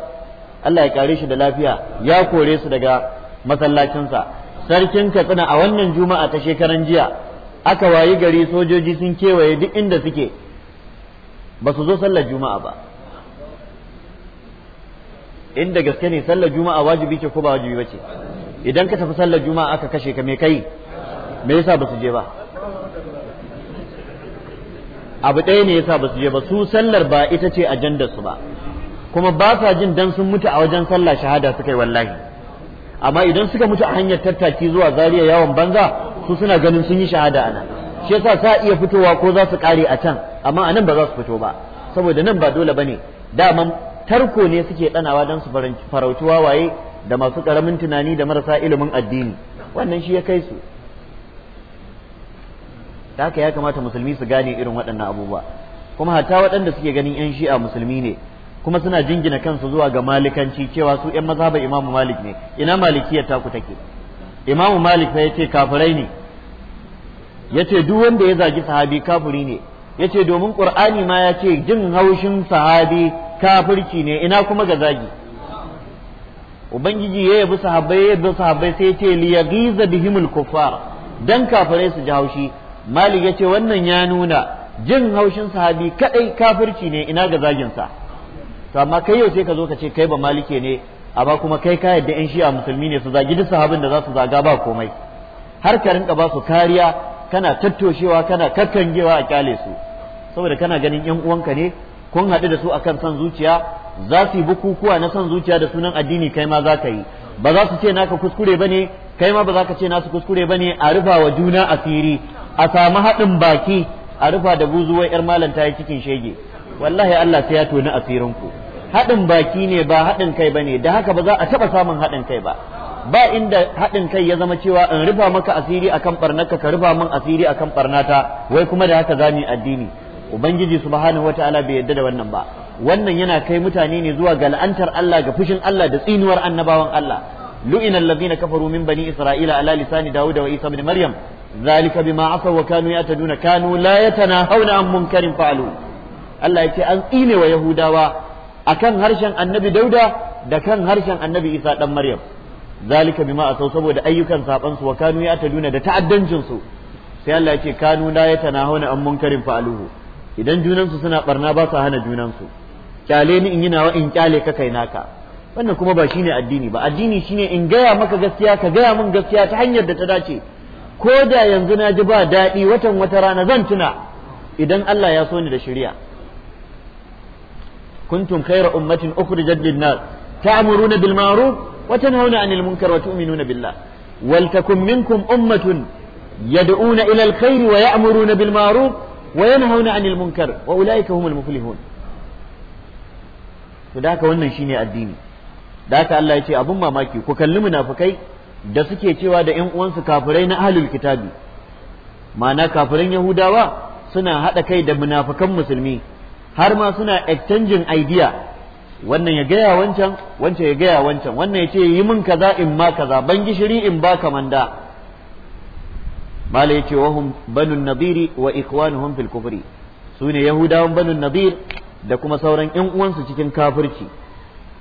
Allah ya kare shi da lafiya ya kore su daga masallacinsa sarkin katsina a wannan juma'a ta shekaran jiya aka wayi gari sojoji sun kewaye duk inda suke ba su zo sallar juma'a ba inda gaske ne sallar juma'a wajibi ce ko ba wajibi ba ce idan ka tafi sallar juma'a aka kashe ka me kai me yasa ba su je ba abu ɗaya ne yasa ba su je ba su sallar ba ita ce ajandar su ba kuma ba sa jin dan sun mutu a wajen sallah shahada suka yi wallahi amma idan suka mutu a hanyar tattaki zuwa zariya yawon banza su suna ganin sun yi shahada anan shi yasa sa iya fitowa ko za su kare a can amma anan ba za su fito ba saboda nan ba dole bane daman tarko ne suke danawa dan su farautuwa waye da masu karamin tunani da marasa ilimin addini wannan shi ya kai su da haka ya kamata musulmi su gane irin waɗannan abubuwa kuma hatta waɗanda suke ganin 'yan shi'a musulmi ne kuma suna jingina kansu zuwa ga malikanci cewa su 'yan mazhaban imamu malik ne ina malikiyar taku take imamu malik sai yace kafirai ne yace duk wanda ya zagi sahabi kafiri ne yace domin qur'ani ma ya ce jin haushin sahabi kafirci ne ina kuma ga zagi ubangiji ya yabi sahabbai ya yabi sahabbai sai yace li yaghiza bihimul kuffar dan kafirai su ji haushi malik yace wannan ya nuna jin haushin sahabi kadai kafirci ne ina ga zagin sa to amma kai yau sai ka zo ka ce kai ba malike ne amma kuma kai ka yadda yan shi'a musulmi ne su zagi duk sahabin da za su zaga ba komai har ka rinka ba su kariya kana tattoshewa kana kakkangewa a kyale su saboda kana ganin yan uwanka ne kun haɗu da su akan son zuciya za su yi bukukuwa na son zuciya da sunan addini kai ma za ka yi ba za su ce naka kuskure bane kai ma ba za ka ce nasu kuskure bane a rufa wa juna asiri a samu haɗin baki a rufa da buzuwar yar malam ta cikin shege wallahi Allah sai ya toni asirin ku haɗin baki ne ba haɗin kai ba ne da haka ba za a taɓa samun haɗin kai ba ba inda haɗin kai ya zama cewa in rufa maka asiri akan barnaka ka rufa min asiri akan barnata wai kuma da haka zamu addini ubangiji subhanahu wataala bai yarda da wannan ba wannan yana kai mutane ne zuwa ga la'antar Allah ga fushin Allah da tsinuwar annabawan Allah lu'ina allazina kafaru min bani isra'ila ala lisani dawud wa isa ibn maryam zalika bima asaw wa kanu yataduna kanu la yatanahawna an munkarin fa'alu Allah yace an tsine wa yahudawa akan harshen annabi dauda da kan harshen annabi isa dan maryam zalika bima asau saboda ayyukan saban su wa kanu ya taduna da ta'addancin su sai Allah yake kanu la yatanahuna an munkarin fa'aluhu idan junansu suna barna ba sa hana junansu kyale ni in yi nawa in kyale ka kai naka wannan kuma ba shine addini ba addini shine in gaya maka gaskiya ka gaya min gaskiya ta hanyar da ta dace ko da yanzu na ji ba daɗi watan wata rana zan tuna idan Allah ya so ni da shari'a kuntum khayra ummatin ukhrijat lin-nas ta'muruna bil ma'ruf wa tanhauna 'anil munkar wa tu'minuna billah wal takum minkum ummatun yad'una ila al-khayri wa ya'muruna bil ma'ruf wa yanhauna 'anil munkar wa ulaika humul muflihun to da haka wannan shine addini da haka Allah ya ce abun mamaki ku kalli munafikai da suke cewa da ƴan uwansu kafurai na ahlul kitabi ma'ana kafiran yahudawa suna haɗa kai da munafikan musulmi har ma suna exchanging idea wannan ya gaya wancan wancan ya gaya wancan wannan ya ce yi min kaza in ma kaza ban gishiri in ba kamanda mala ya ce wahum banun nadiri wa ikwanuhum fil kufri su ne yahudawan banun nadir da kuma sauran yan uwansu cikin kafirci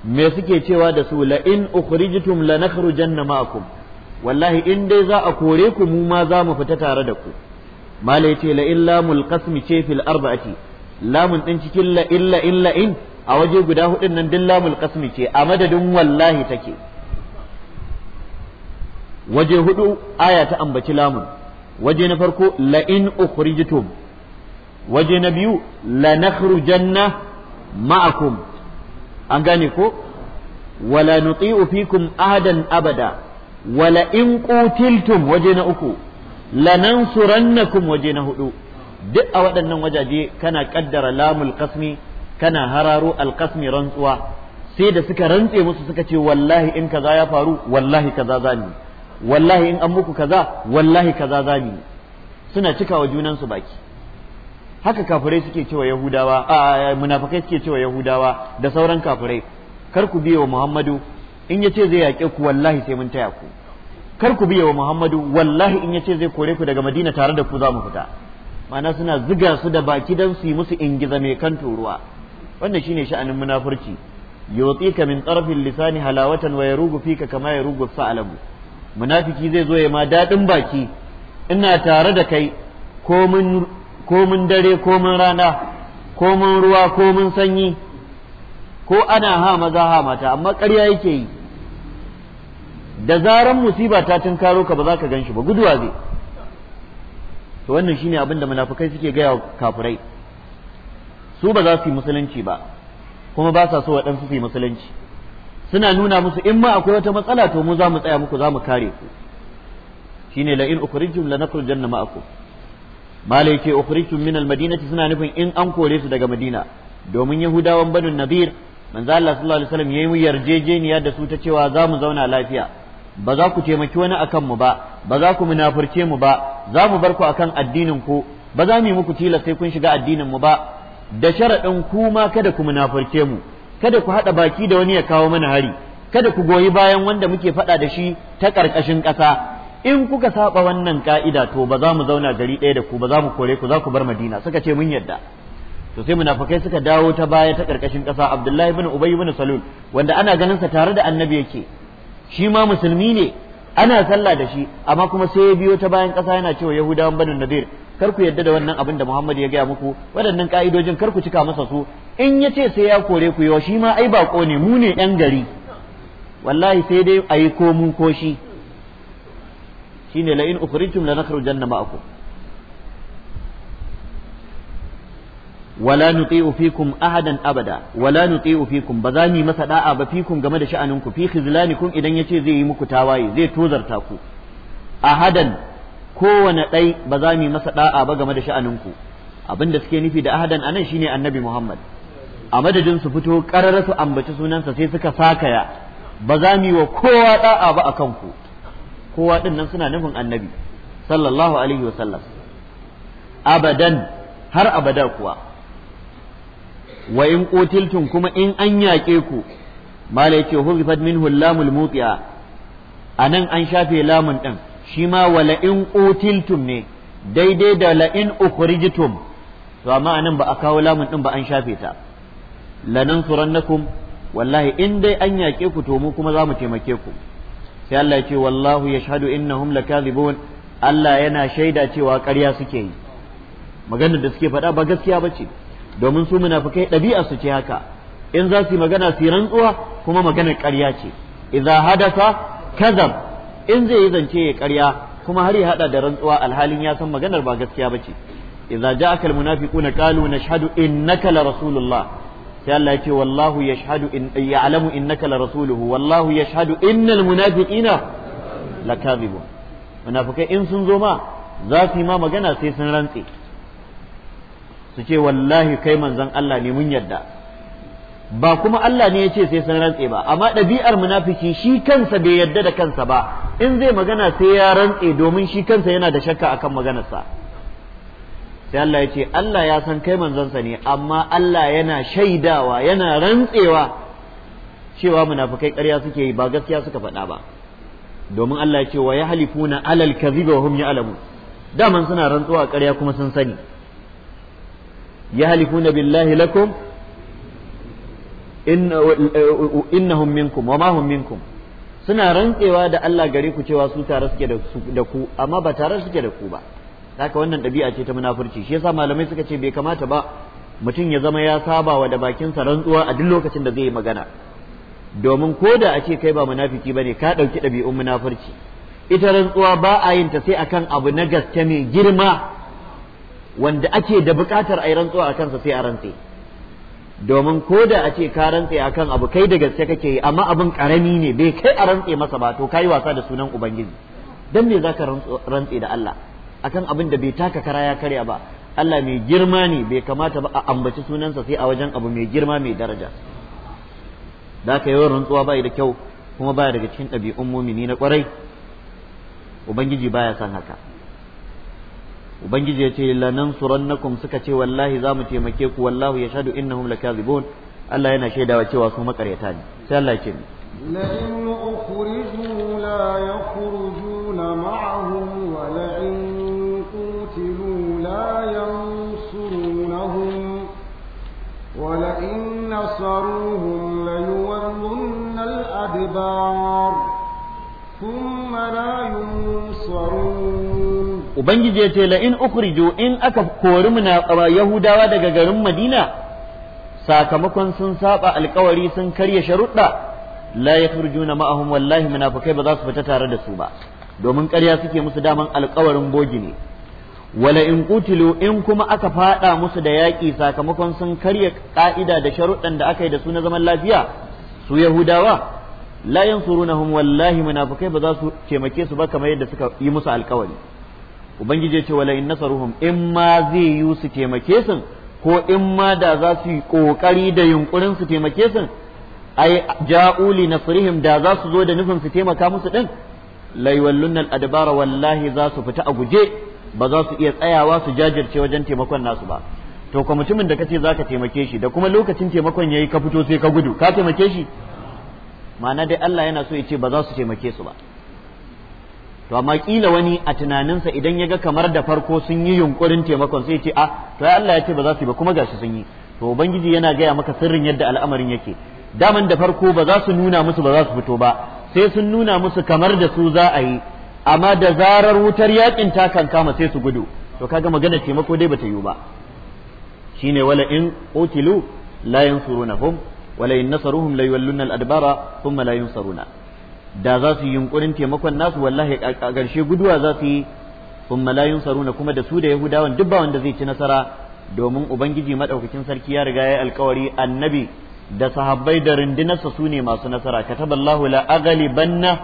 me suke cewa da su la in ukhrijtum lanakhrujanna ma'akum wallahi in dai za a kore ku mu ma za mu fita tare da ku mala ya ce la lamul qasmi fil arba'ati lamun ɗin cikin la illa illa in a waje guda hudun nan din lamul qasmi ce a madadin wallahi take waje hudu aya ta ambaci lamun waje na farko la in ukhrijtum waje na biyu la nakhrujanna ma'akum an gane ko wala nuti'u fikum ahadan abada wala in qutiltum waje na uku lanansurannakum waje na hudu duk a waɗannan wajaje kana kaddara lamul qasmi kana hararo alkasmi rantsuwa sai da suka rantse musu suka ce wallahi in kaza ya faru wallahi kaza zani wallahi in an muku kaza wallahi kaza zani suna cikawa junansu baki haka kafirai suke cewa yahudawa a munafikai suke cewa yahudawa da sauran kafirai kar ku biye wa muhammadu in yace zai yaƙe ku wallahi sai mun taya ku kar ku biye wa muhammadu wallahi in yace zai kore ku daga madina tare da ku za mu fita mana suna ziga su da baki don su yi musu ingiza mai kan turuwa wannan shine sha'anin munafurci yutika min tarfin lisani halawatan wa yarugu fika kama yarugu sa'alabu munafiki zai zo ya ma dadin baki ina tare da kai ko mun dare ko mun rana ko mun ruwa ko mun sanyi ko ana ha maza ha mata amma ƙarya yake yi da zaran musiba ta tunkaro ka ba za ka gan shi ba guduwa zai to wannan shine abin da munafukai suke gaya kafirai su ba za su yi musulunci ba kuma ba sa so waɗansu su yi musulunci suna nuna musu in ma akwai wata matsala to mu za mu tsaya muku za mu kare ku shine la in ukhrijtum lanakhrujanna ma'akum malai ce ukhrijum min almadinati suna nufin in an kore su daga madina domin yahudawan banu nabir manzo Allah sallallahu alaihi wasallam yayi yarjejeniya da su ta cewa za mu zauna lafiya ba za ku taimaki wani akan mu ba ba za ku munafurce mu ba za mu bar ku akan addinin ku ba za mu yi muku tilas sai kun shiga addinin mu ba da sharaɗin ku ma kada ku munafurce mu kada ku haɗa baki da wani ya kawo mana hari kada ku goyi bayan wanda muke faɗa da shi ta ƙarƙashin ƙasa in kuka saba wannan ka'ida to ba za mu zauna gari ɗaya da ku ba za mu kore ku za ku bar madina suka ce mun yadda to sai munafikai suka dawo ta baya ta ƙarƙashin ƙasa abdullahi ibn ubay ibn salul wanda ana ganin sa tare da annabi yake shi ma musulmi ne ana sallah da shi amma kuma sai ya biyo ta bayan ƙasa yana cewa yahudawan banu nadir kar ku yadda da wannan abin da Muhammad ya gaya muku waɗannan ka'idojin kar ku cika masa su in ya ce sai ya kore ku yau shi ma ai bako ne mu ne yan gari wallahi sai dai ayi ko mu ko shi shine la in ukhrijtum lanakhrujanna ma'akum wala nuti'u fikum ahadan abada wala nuti'u fikum ba za mu masa da'a game da sha'aninku fi khizlanikum idan yace zai yi muku tawaye zai tozarta ku ahadan kowane dai ba za masa da'a ba game da sha'anin ku abinda suke nufi da ahadan anan shine annabi Muhammad a madadin su fito karara su ambaci sunansa sai suka sakaya ba za mu wa kowa da'a ba akan ku kowa din nan suna nufin annabi sallallahu alaihi wasallam abadan har abada kuwa wa in qutiltum kuma in an yaƙe ku mala yace hurifat minhu lamul muti'a anan an shafe lamun din shi ma wala in qutiltum ne daidai da la in ukhrijtum to amma anan ba a kawo lamun din ba an shafe ta lanansurannakum wallahi in dai an yaƙe ku to mu kuma za mu taimake ku sai Allah ya ce wallahu yashhadu innahum lakazibun Allah yana shaida cewa ƙarya suke yi maganar da suke faɗa ba gaskiya bace ce domin su munafikai ɗabi'a su ce haka in za su yi magana su rantsuwa kuma maganar ƙarya ce idza hadasa kazab in zai yi zance ya ƙarya kuma har ya hada da rantsuwa alhalin ya san maganar ba gaskiya bace idza ja'aka almunafiquna qalu nashhadu innaka la rasulullah sai Allah ya wallahu yashhadu in ya'lamu innaka la rasuluhu wallahu yashhadu innal munafiqina lakazibun munafikai in sun zo ma za su yi ma magana sai sun rantse su ce wallahi kai manzon Allah ne mun yadda ba kuma Allah ne ya ce sai sun rantse ba amma ɗabi'ar munafiki shi kansa bai yadda da kansa ba in zai magana sai ya rantse domin shi kansa yana da shakka akan maganarsa sai Allah ya ce Allah ya san kai manzonsa ne amma Allah yana shaidawa yana rantsewa cewa munafikai ƙarya suke yi ba gaskiya suka faɗa ba domin Allah ya ce wa ya na alal kadhiba wa hum ya'lamun daman suna rantsuwa ƙarya kuma sun sani yahlifuna بالله لكم إن إنهم wa ma هم منكم suna rantsewa da Allah غريكو cewa su tare suke da ku amma ba tare suke da ku ba haka wannan ɗabi'a ce ta munafurci shi yasa malamai suka ce bai kamata ba mutum ya zama ya saba wa da bakinsa rantsuwa a duk lokacin da zai yi magana domin ko da a ce kai ba munafiki ba ne ka ɗauki ɗabi'un munafurci ita rantsuwa ba a yin ta sai akan abu na gaske mai girma wanda ake da buƙatar a yi rantsuwa a kansa sai a rantse domin ko da a ce ka rantse a kan abu kai da gaske kake yi amma abin ƙarami ne bai kai a rantse masa ba to yi wasa da sunan ubangiji dan me zaka rantse da Allah akan abin da bai taka kara ya karya ba Allah mai girma ne bai kamata ba a ambaci sunansa sai a wajen abu mai girma mai daraja da ka yawan rantsuwa bai da kyau kuma baya daga cikin ɗabi'un mumini na kwarai ubangiji baya son haka ubangiji ya ce lanan suran na suka ce wallahi za mu taimake ku wallahu ya shaɗu inna hum lakazibun Allah yana shaidawa cewa su makaryata ne sai Allah ke ne la'in ukhrijū la yakhrujūna ma'ahum wa la'in qūtilū la yansurūnahum wa la'in nasaruhum la yuwallunna al-adbār thumma ubangiji ya ce la'in in in aka kori muna yahudawa daga garin madina sakamakon sun saba alkawari sun karya sharuɗa la yakhrujuna ma'ahum wallahi munafukai ba za su fita tare da su ba domin ƙarya suke musu daman alkawarin bogi ne wala in kutilu in kuma aka fada musu da yaƙi sakamakon sun karya ƙa'ida da sharuɗan da aka yi da su na zaman lafiya su yahudawa la yansurunahum wallahi munafukai ba za su taimake su ba kamar yadda suka yi musu alkawari ubangiji ya ce wala in nasaruhum in ma zai yi su taimake sun ko in ma da za su yi kokari da yunkurin su taimake sun ai ja'u nasrihim da za su zo da nufin su taimaka musu din la yawallunna adbara wallahi za su fita a guje ba za su iya tsayawa su jajirce wajen taimakon nasu ba to kuma mutumin da kace zaka taimake shi da kuma lokacin taimakon yayi ka fito sai ka gudu ka taimake shi ma'ana dai Allah yana so ya ce ba za su taimake su ba to amma kila wani a tunaninsa idan ya ga kamar da farko sun yi yunkurin taimakon sai ce a ah, to ya Allah ya ce ba za su yi ba kuma gashi sun yi to ubangiji yana gaya maka sirrin yadda al'amarin yake daman da farko ba za su nuna musu ba za su fito ba sai sun nuna musu kamar da su za a yi amma da zarar wutar yakin ta kan kama sai su gudu to kaga magana taimako dai bata yiwu ba shine wala in qutilu la yansurunahum wala in nasaruhum la adbara thumma la yansuruna da za su yi yunkurin taimakon nasu wallahi a ƙarshe guduwa za su yi sun malayun saruna kuma da su da yahudawan duk ba wanda zai ci nasara domin ubangiji maɗaukakin sarki ya riga ya alkawari annabi da sahabbai da rundunarsa su ne masu nasara kataballahu la aghlibanna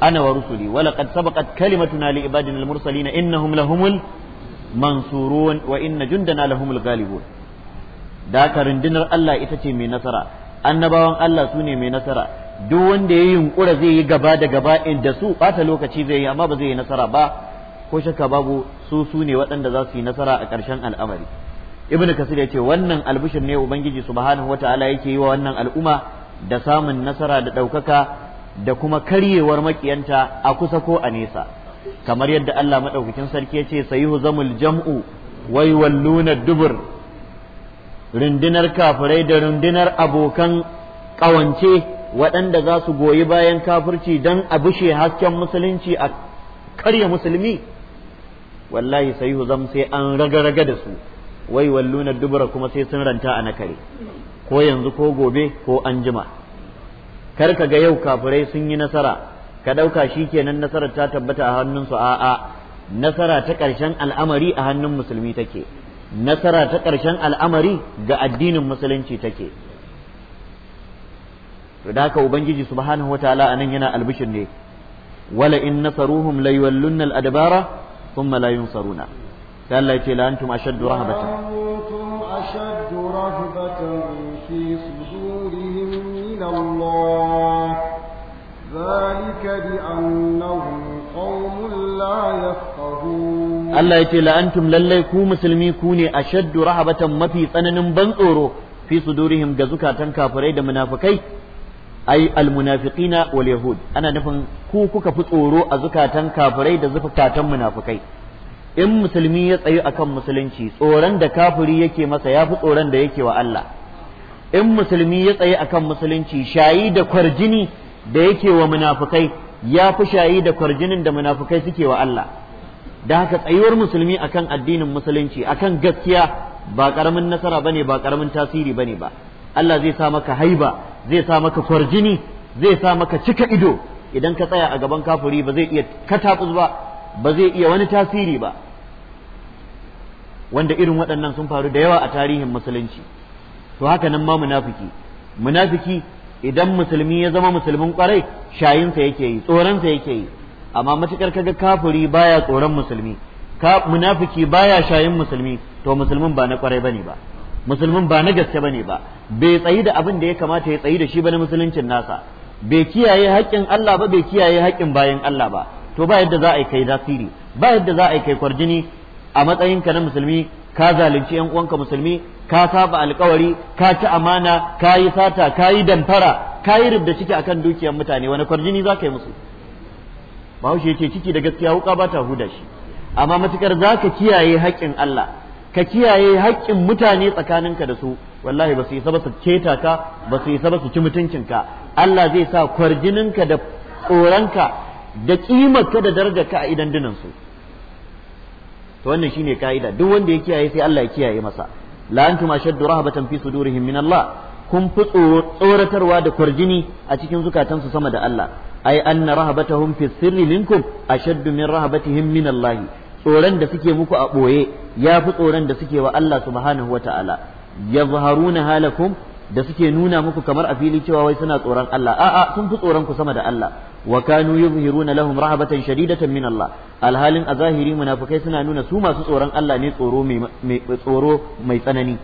ana wa rusuli wa laqad sabaqat kalimatuna li ibadina al-mursalin innahum lahumul mansurun wa inna jundana lahumul ghalibun da ka rundunar Allah ita ce mai nasara annabawan Allah su ne mai nasara duk wanda ya yi yunkura zai yi gaba da gaba inda su bata lokaci zai yi amma ba zai yi nasara ba ko shakka babu su su ne waɗanda za su yi nasara a ƙarshen al'amari ibnu kasir ya ce wannan albishir ne ubangiji subhanahu wataala yake yi wa wannan al'umma da samun nasara da ɗaukaka da kuma karyewar makiyanta a kusa ko a nesa kamar yadda Allah maɗaukakin sarki ya ce sayuhu zamul jam'u wai walluna dubur rundunar kafirai da rundunar abokan ƙawance waɗanda za su goyi bayan kafirci don a bushe hasken musulunci a karya musulmi wallahi sai zam sai an raga-raga da su wai walluna dubura kuma sai sun ranta a nakare ko yanzu ko gobe ko an jima kar ka ga yau kafirai sun yi nasara ka ɗauka shi kenan nasarar ta tabbata a hannunsu a'a nasara ta ƙarshen al'amari a hannun musulmi take nasara ta ƙarshen al'amari ga addinin musulunci take to da haka ubangiji subhanahu wataala anan yana albishir ne wala in nasaruhum layuwallunna al-adbara thumma la yunsaruna Allah ya ce la antum ashaddu rahabatan antum ashaddu rahabatan fi sudurihim min Allah ذلك بأنهم قوم لا يفقهون الله يتي لأنتم للي كو مسلمي كوني أشد رهبة ما في سنن بنصورو في صدورهم جزكا تنكا فريد ai almunafiqina wal yahud ana nufin ku kuka fi tsoro a zukatan kafirai da zukatan munafikai in musulmi ya tsayi akan musulunci tsoron da kafiri yake masa ya fi tsoron da yake wa Allah in musulmi ya tsayi akan musulunci shayi da kwarjini da yake wa munafikai ya fi shayi da kwarjinin da munafikai suke wa Allah da haka tsayuwar musulmi akan addinin musulunci akan gaskiya ba karamin nasara bane ba karamin tasiri bane ba Allah zai sa maka haiba zai sa maka kwarjini zai sa maka cika ido idan ka tsaya a gaban kafuri ba zai iya katakus ba ba zai iya wani tasiri ba wanda irin waɗannan sun faru da yawa a tarihin musulunci to haka nan ma munafiki munafiki idan musulmi ya zama musulmin kwarai shayinsa yake yi tsoronsa yake yi amma matukar kaga kafuri baya tsoron musulmi munafiki baya shayin musulmi to musulmin ba na kwarai bane ba musulmin ba na gaske bane ba bai tsayi da abin da ya kamata ya tsayi da shi ba na musuluncin nasa bai kiyaye haƙƙin Allah ba bai kiyaye haƙƙin bayan Allah ba to ba yadda za a kai zasiri ba yadda za a kai kwarjini a matsayin ka na musulmi ka zalunci yan uwanka musulmi ka saba alƙawari ka ci amana ka yi sata ka yi damfara ka yi rubda ciki akan dukiyar mutane wani kwarjini za ka yi musu ya ce ciki da gaskiya wuka ba ta huda shi amma matukar za ka kiyaye haƙƙin Allah ka kiyaye haƙƙin mutane tsakaninka da su wallahi ba su yi ba su keta ka ba su yi ba su ci mutuncinka Allah zai sa kwarjininka da tsoronka da ƙimarka da darajarka a idan dinansu to wannan shine ka'ida duk wanda ya kiyaye sai Allah ya kiyaye masa la antum ashaddu rahabatan fi sudurihim min Allah kun fi tsoratarwa da kwarjini a cikin zukatansu sama da Allah ai anna rahabatahum fi sirri minkum ashaddu min rahabatihim min Allah tsoron da suke muku a ɓoye ya fi tsoron da suke wa Allah subhanahu wa ta'ala ya zaharuna halakum da suke nuna muku kamar a fili cewa wai suna tsoron Allah a'a sun fi tsoron ku sama da Allah wa kanu yuzhiruna lahum rahabatan shadidatan min Allah alhalin a zahiri munafikai suna nuna su masu tsoron Allah ne tsoro mai tsoro mai tsanani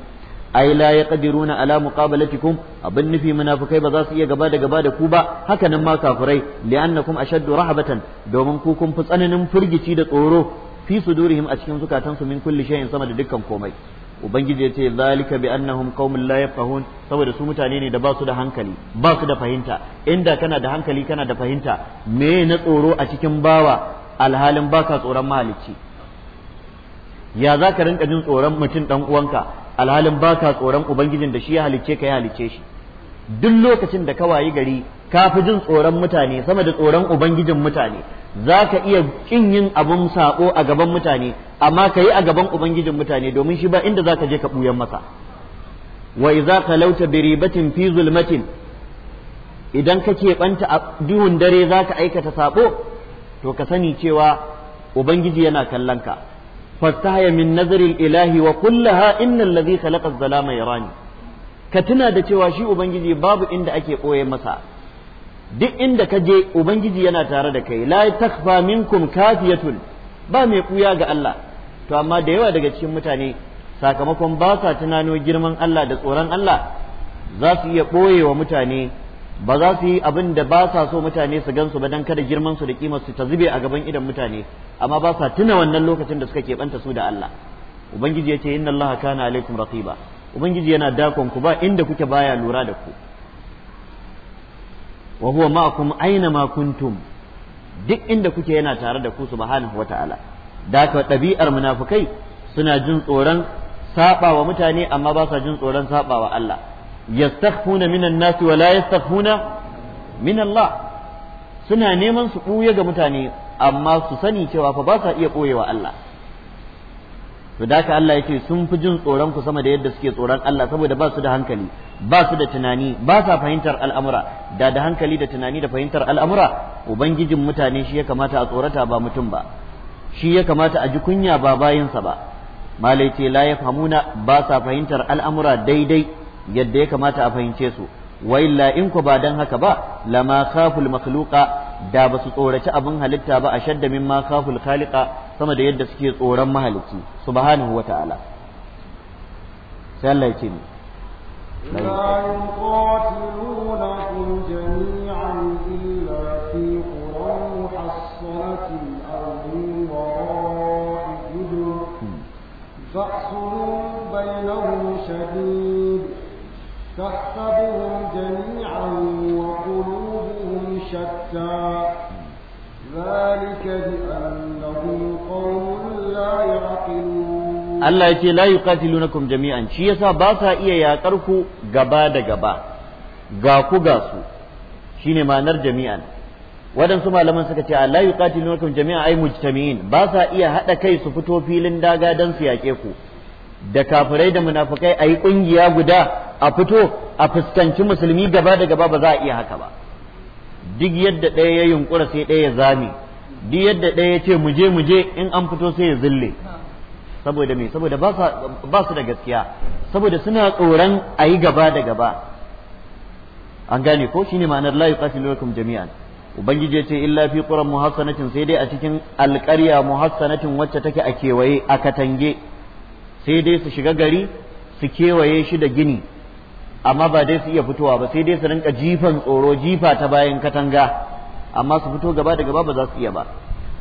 ai la yaqdiruna ala muqabalatikum abin nufi munafikai ba za su iya gaba da gaba da ku ba haka nan ma kafirai li'annakum ashaddu rahabatan domin ku kun fi tsananin firgici da tsoro fi sudurihim a cikin zukatansu min kulli shay'in sama da dukkan komai ubangiji yace ce zalika bi annahum qaumun la yafqahun saboda su mutane ne da ba su da hankali ba su da fahimta inda kana da hankali kana da fahimta me na tsoro a cikin bawa alhalin baka tsoron mahalicci ya za ka rinka jin tsoron mutum dan uwanka alhalin baka tsoron ubangijin da shi ya halicce ka ya halicce shi duk lokacin da ka wayi gari ka fi jin tsoron mutane sama da tsoron ubangijin mutane za ka iya kin yin abun saƙo a gaban mutane amma ka yi a gaban ubangijin mutane domin shi ba inda za ka je ka ɓuyan masa wa idza ka lauta Biribatin fi zulmatin idan ka keɓanta a duhun dare za ka aikata saƙo, to ka sani cewa ubangiji yana kallon ka fastahaya min nazarin ilahi wa kullaha innan lazi khalaqa az-zalama yarani ka tuna da cewa shi ubangiji babu inda ake ɓoye masa duk inda ka je ubangiji yana tare da kai la takfa minkum kafiyatun ba mai kuya ga Allah to amma da yawa daga cikin mutane sakamakon ba sa tunano girman Allah da tsoron Allah za su iya ɓoye wa mutane ba za su yi abin da ba sa so mutane su gansu ba don kada girman su da kimar su ta zube a gaban idan mutane amma ba sa tuna wannan lokacin da suka keɓanta su da Allah ubangiji ya ce inna Allah kana alaikum raqiba ubangiji yana dakon ku ba inda kuke baya lura da ku wa huwa ma'akum aina ma kuntum duk inda kuke yana tare da ku subhanahu wata'ala da ka ɗabi'ar munafukai suna jin tsoron saba wa mutane amma ba sa jin tsoron sabawa wa Allah yastakhfuna minan nas wa la yastakhfuna min Allah suna neman su ɓuya ga mutane amma su sani cewa fa ba sa iya ɓoye wa Allah to da Allah yake sun fi jin tsoron ku sama da yadda suke tsoron Allah saboda ba su da hankali ba su da tunani ba sa fahimtar al'amura da da hankali da tunani da fahimtar al'amura ubangijin mutane shi ya kamata a tsorata ba mutum ba shi ya kamata a ji kunya ba bayinsa ba malai ce la ya famuna ba sa fahimtar al'amura daidai yadda ya kamata a fahimce su wa in ku ba dan haka ba lama khaful makhluqa da ba su tsoraci abin halitta ba a shadda min ma khaful khaliqa sama da yadda suke tsoron mahalicci subhanahu ta'ala sai Allah ya ce ni لا يقاتلونكم جميعا إلا في قرى محصنة أو من وراء جدر بينهم شديد تحسبهم جميعا وقلوبهم شتى ذلك بأنهم قوم لا يعقلون الله يقول لا يقاتلونكم جميعا شي باسا إيا ياقركو غبا دا غبا غاكو غاسو شيني ما نر جميعا wadan su malaman suka ce la yuqatilunakum jami'a ay mujtami'in ba sa iya hada kai su fito filin daga dan su yake ku da kafirai da munafikai ayi kungiya guda a fito a fuskanci musulmi gaba da gaba ba za a iya haka ba duk yadda ɗaya ya yunkura sai ɗaya ya zame duk yadda ɗaya ya ce muje muje in an fito sai ya zille saboda me saboda ba su da gaskiya saboda suna tsoron a yi gaba da gaba an gane ko shine ma'anar la lokacin jami'an ubangiji ce illa fi quran muhassanatin sai dai a cikin alƙarya muhassanatin wacce take a kewaye a katange sai dai su shiga gari su kewaye shi da gini amma ba dai su iya fitowa ba sai dai su rinka jifan tsoro jifa ta bayan katanga amma su fito gaba da gaba ba za su iya ba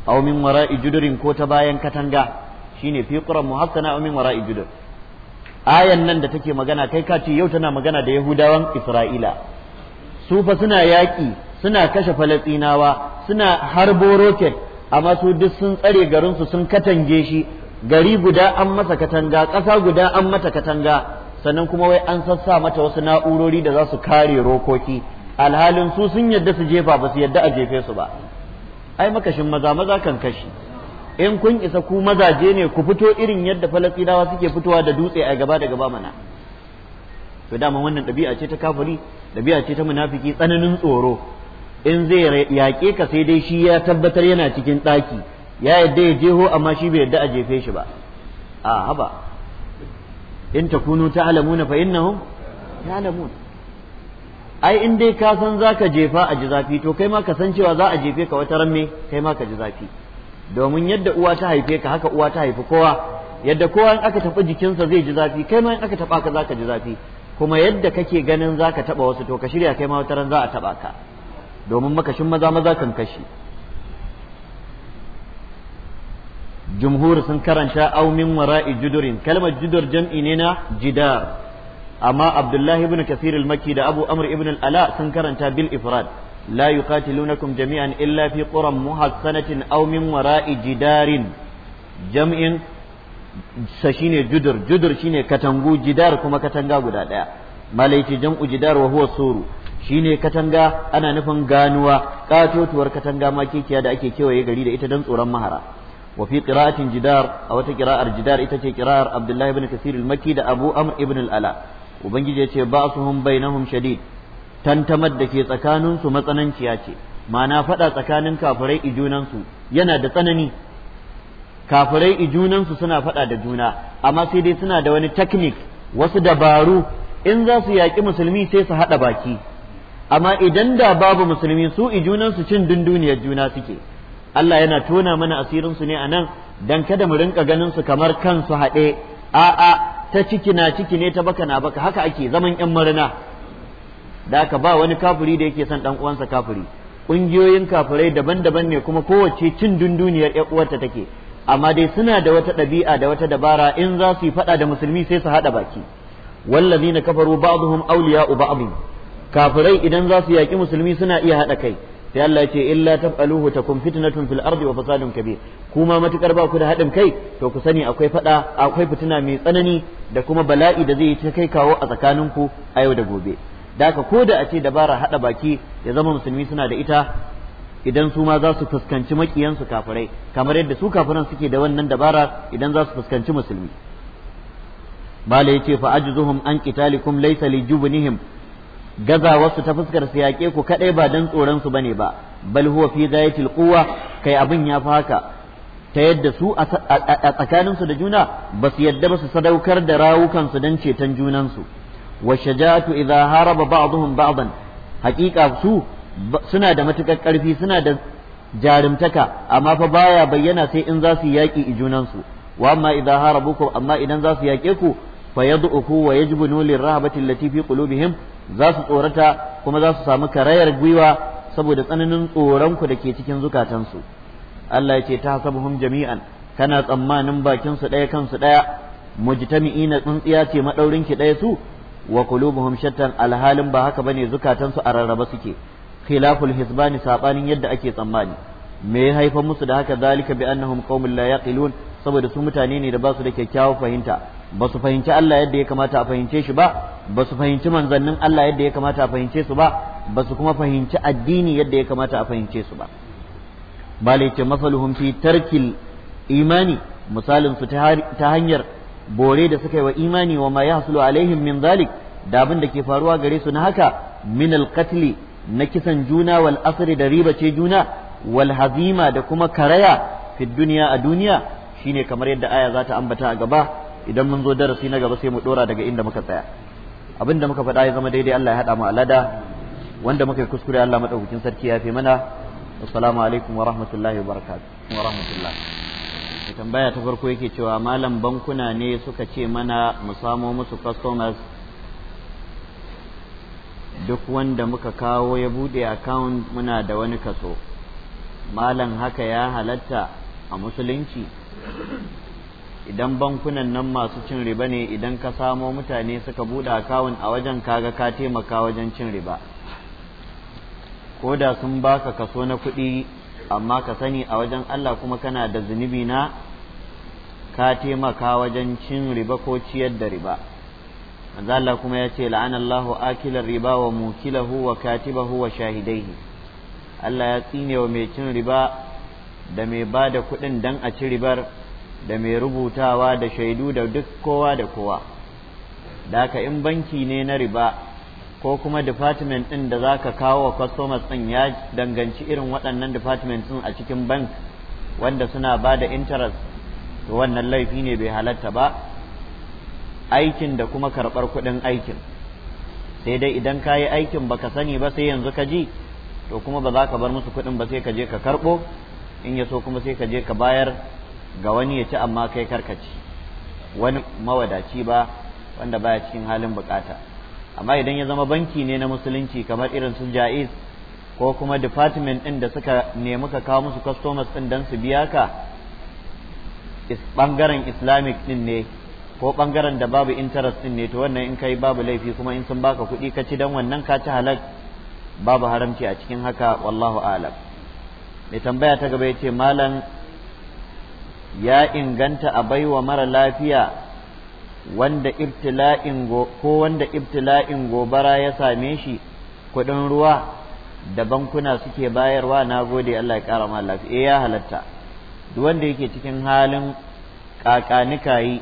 aw min wara'i judurin ko ta bayan katanga shine fi quran muhassana aw min wara'i judur ayan nan da take magana kai ka yau tana magana da yahudawan isra'ila su fa suna yaƙi suna kashe falastinawa suna harbo rocket amma su duk sun tsare garinsu sun katange shi gari guda an masa katanga ƙasa guda an mata katanga sannan kuma wai an sassa mata wasu na'urori da za su kare rokoki alhalin su sun yadda su jefa ba su yadda a jefe su ba ai makashin maza maza kan kashi in kun isa ku mazaje ne ku fito irin yadda falastinawa suke fitowa da dutse a gaba da gaba mana to dama wannan ɗabi'a ce ta kafiri ɗabi'a ce ta munafiki tsananin tsoro in zai yaƙe ka sai dai shi ya tabbatar yana cikin ɗaki ya yadda ya jeho amma shi bai yadda a jefe shi ba a haba in takunu ta'lamuna fa innahum ya'lamun ai in dai ka san zaka jefa a ji zafi to kai ma ka san cewa za a jefe ka wata ranne kai ma ka ji zafi domin yadda uwa ta haife ka haka uwa ta haifi kowa yadda kowa in aka tafi jikinsa zai ji zafi kai ma in aka taɓa ka zaka ji zafi kuma yadda kake ganin zaka taba wasu to ka shirya kai ma wata ran za a taba ka domin makashin maza maza kan kashi Jumhuri sun karanta aw min wara'i judurin kalmar judur jam'i ne na jidar amma abdullahi ibn kasir al da abu amr ibn ala sun karanta bil ifrad la yuqatilunakum jami'an illa fi quram muhassanatin aw min wara'i jidarin jam'in sa shine judur judur shine katangu jidar kuma katanga guda ɗaya malaiti jam'u jidar wa huwa suru shine katanga ana nufin ganuwa katotuwar katanga ma kikiya da ake kewaye gari da ita don tsoron mahara wa qira'atin jidar a wata kira'ar jidar ita ce kira'ar Abdullahi ibn Kathir al-Makki da Abu Amr ibn al-Ala ubangiji ya ce ba'suhum bainahum shadid tantamar da ke tsakaninsu matsananciya ce ma'ana faɗa tsakanin kafirai ijunansu yana da tsanani kafirai ijunansu suna faɗa da juna amma sai dai suna da wani taknik wasu dabaru in za su yaƙi musulmi sai su haɗa baki amma idan da babu musulmi su ijunansu cin dunduniyar juna suke Allah yana tona mana asirin su ne a nan dan kada mu rinka ganin su kamar kansu haɗe a'a ta ciki na ciki ne ta baka na baka haka ake zaman yan marina da ka ba wani kafiri da yake son dan uwansa kafiri ƙungiyoyin kafirai daban-daban ne kuma kowace cin dunduniyar ƴan uwarta take amma dai suna da wata ɗabi'a da wata dabara in za su yi faɗa da musulmi sai su haɗa baki wallazina kafaru ba'dhum awliya'u ba'd kafirai idan za su yaƙi musulmi suna iya haɗa kai sai Allah ce illa taf'aluhu takum fitnatun fil ardi wa fasadun kabir kuma matukar ba ku da haɗin kai to ku sani akwai fada akwai fitina mai tsanani da kuma bala'i da zai yi ta kai kawo a tsakaninku a yau da gobe da haka ko da a ce dabara haɗa baki ya zama musulmi suna da ita idan su ma za su fuskanci makiyansu kafirai kamar yadda su kafiran suke da wannan dabara idan za su fuskanci musulmi bala yace fa ajzuhum an qitalikum laysa li jubnihim gazawarsu ta fuskar su yaƙe ku kaɗai ba don tsoron su bane ba bal huwa fi ghayatil quwwa kai abin ya fi haka ta yadda su a tsakanin su da juna ba su yadda ba su sadaukar da rawukansu don ceton junansu wa shaja'atu idza haraba ba'dhum ba'dan haƙiƙa su suna da matukar ƙarfi suna da jarumtaka amma fa baya bayyana sai in za su yaƙi junansu wa amma idza harabukum amma idan za su yaƙe ku fa yad'uku wa yajbunu lirrahabati allati fi qulubihim za su tsorata kuma za su samu karayar gwiwa saboda tsananin tsoronku da ke cikin zukatansu Allah ya ce ta hasabuhum jami'an kana tsammanin bakin su ɗaya kansu ɗaya mujtami'ina tsintsiya ce madaurin ki ɗaya su wa qulubuhum shattan alhalin ba haka ba ne zukatansu a rarraba suke khilaful hisbani saɓanin yadda ake tsammani me ya haifar musu da haka zalika bi annahum qaumun la saboda su mutane ne da ba su da kyakkyawar fahimta ba su fahimci Allah yadda ya kamata a fahimce shi ba ba su fahimci manzannin Allah yadda ya kamata a fahimce su ba ba su kuma fahimci addini yadda ya kamata a fahimce su ba bale ce mafaluhum fi tarkil imani misalin su ta hanyar bore da suka yi wa imani wa ma ya yahsulu alaihim min zalik da abin da ke faruwa gare su na haka min alqatli na kisan juna wal asiri da riba ce juna wal hazima da kuma karaya fi duniya a duniya shine kamar yadda aya za ta ambata a gaba idan mun zo darasi na gaba sai mu dora daga inda muka tsaya abin da muka faɗa ya zama daidai Allah ya haɗa mu alada wanda muka yi kuskure Allah madaukakin sarki ya fi mana assalamu alaikum wa rahmatullahi wa barakatuh wa rahmatullah tambaya ta farko yake cewa malam bankuna ne suka ce mana mu samo musu customers duk wanda muka kawo ya bude account muna da wani kaso malam haka ya halatta a musulunci idan bankunan nan masu cin riba ne idan ka samo mutane suka buɗe akawun a wajen kaga ka taimaka wajen cin riba ko da sun baka kaso na kuɗi amma ka sani a wajen Allah kuma kana da zunubi na ka taimaka wajen cin riba ko ciyar da riba Allah kuma ya ce la'anallahu akilar riba wa mukilahu wa katibahu wa shahidaihi Allah ya tsine wa mai cin riba da mai ba da kuɗin dan a ci ribar da mai rubutawa da shaidu da duk kowa da kowa da ka in banki ne na riba ko kuma department ɗin da za ka kawo wa customers ɗin ya danganci irin waɗannan department ɗin a cikin bank wanda suna ba da interest to wannan laifi ne bai halatta ba aikin da kuma karɓar kuɗin aikin sai dai idan ka yi aikin baka sani ba sai yanzu ka ji to kuma ba za ka bar musu kuɗin ba sai ka je ka karɓo in ya so kuma sai ka je ka bayar ga wani ya ci amma kai karkaci wani mawadaci ba wanda baya cikin halin bukata amma idan ya zama banki ne na musulunci kamar irin su ja'iz ko kuma department ɗin da suka nemi ka kawo musu customers ɗin don su biya ka ɓangaren islamic ɗin ne ko ɓangaren da babu interest ɗin ne to wannan in kai babu laifi kuma in sun baka kuɗi ka ci don wannan ka ci halak babu haramci a cikin haka wallahu alam mai tambaya ta gaba ya ce malam ya inganta a baiwa mara lafiya wanda ibtila'in ko wanda ibtila'in gobara ya same shi kuɗin ruwa da bankuna suke bayarwa na gode Allah ya kara ma lafiya eh, ya halatta duk wanda yake cikin halin kakanikayi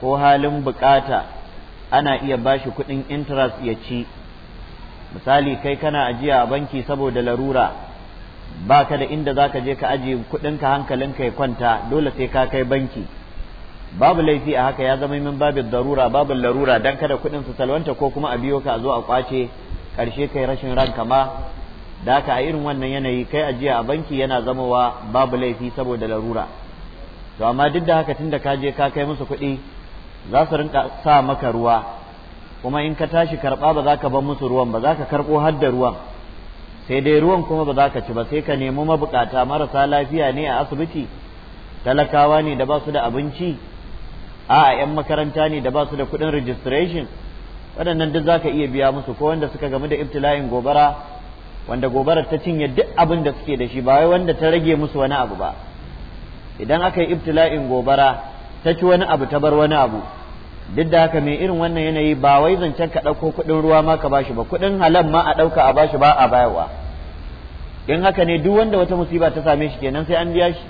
ko halin bukata ana iya bashi kuɗin interest ya ci misali kai kana ajiya a banki saboda larura ba ka da inda za ka je ka ajiye kuɗinka hankalin ya kwanta dole sai ka kai banki babu laifi a haka ya zama min babu darura babu larura dan kada kuɗin su salwanta ko kuma a biyo ka a zo a kwace ƙarshe kai rashin ranka ma da ka a irin wannan yanayi kai ajiya a banki yana zamowa babu laifi saboda larura to amma duk da haka tunda ka je ka kai musu kuɗi za su rinka sa maka ruwa kuma in ka tashi karɓa ba za ka bar musu ruwan ba za ka karɓo har da ruwan sai dai ruwan kuma ba za ka ci ba sai ka nemi mabukata marasa lafiya ne a asibiti talakawa ne da ba su da abinci a 'yan makaranta ne da ba su da kuɗin registration waɗannan duk za ka iya biya musu ko wanda suka gamu da ibtila'in gobara wanda gobarar ta cinye duk abin da suke da shi ba wai wanda ta rage musu wani abu ba idan aka yi ibtila'in gobara ta ci wani abu ta bar wani abu duk da haka mai irin wannan yanayi ba wai zancen ka ɗauko kuɗin ruwa ma ka bashi ba kuɗin halal ma a ɗauka a bashi ba a bayarwa in haka ne duk wanda wata musiba ta same shi kenan sai an biya shi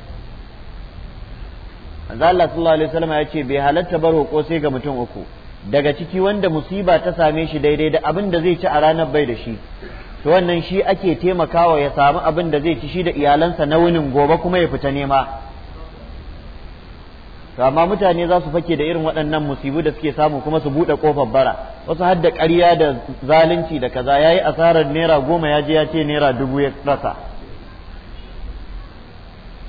manzo Allah sallallahu alaihi wasallam ya ce bai halatta bar ko sai ga mutum uku daga ciki wanda musiba ta same shi daidai da abin da zai ci a ranar bai da shi to wannan shi ake taimakawa ya samu abin da zai ci shi da iyalansa na wunin gobe kuma ya fita nema to amma mutane za su fake da irin waɗannan musibu da suke samu kuma su buɗe ƙofar bara wasu hadda ƙarya da zalunci da kaza yayi asarar naira goma ya je ya ce naira dubu ya rasa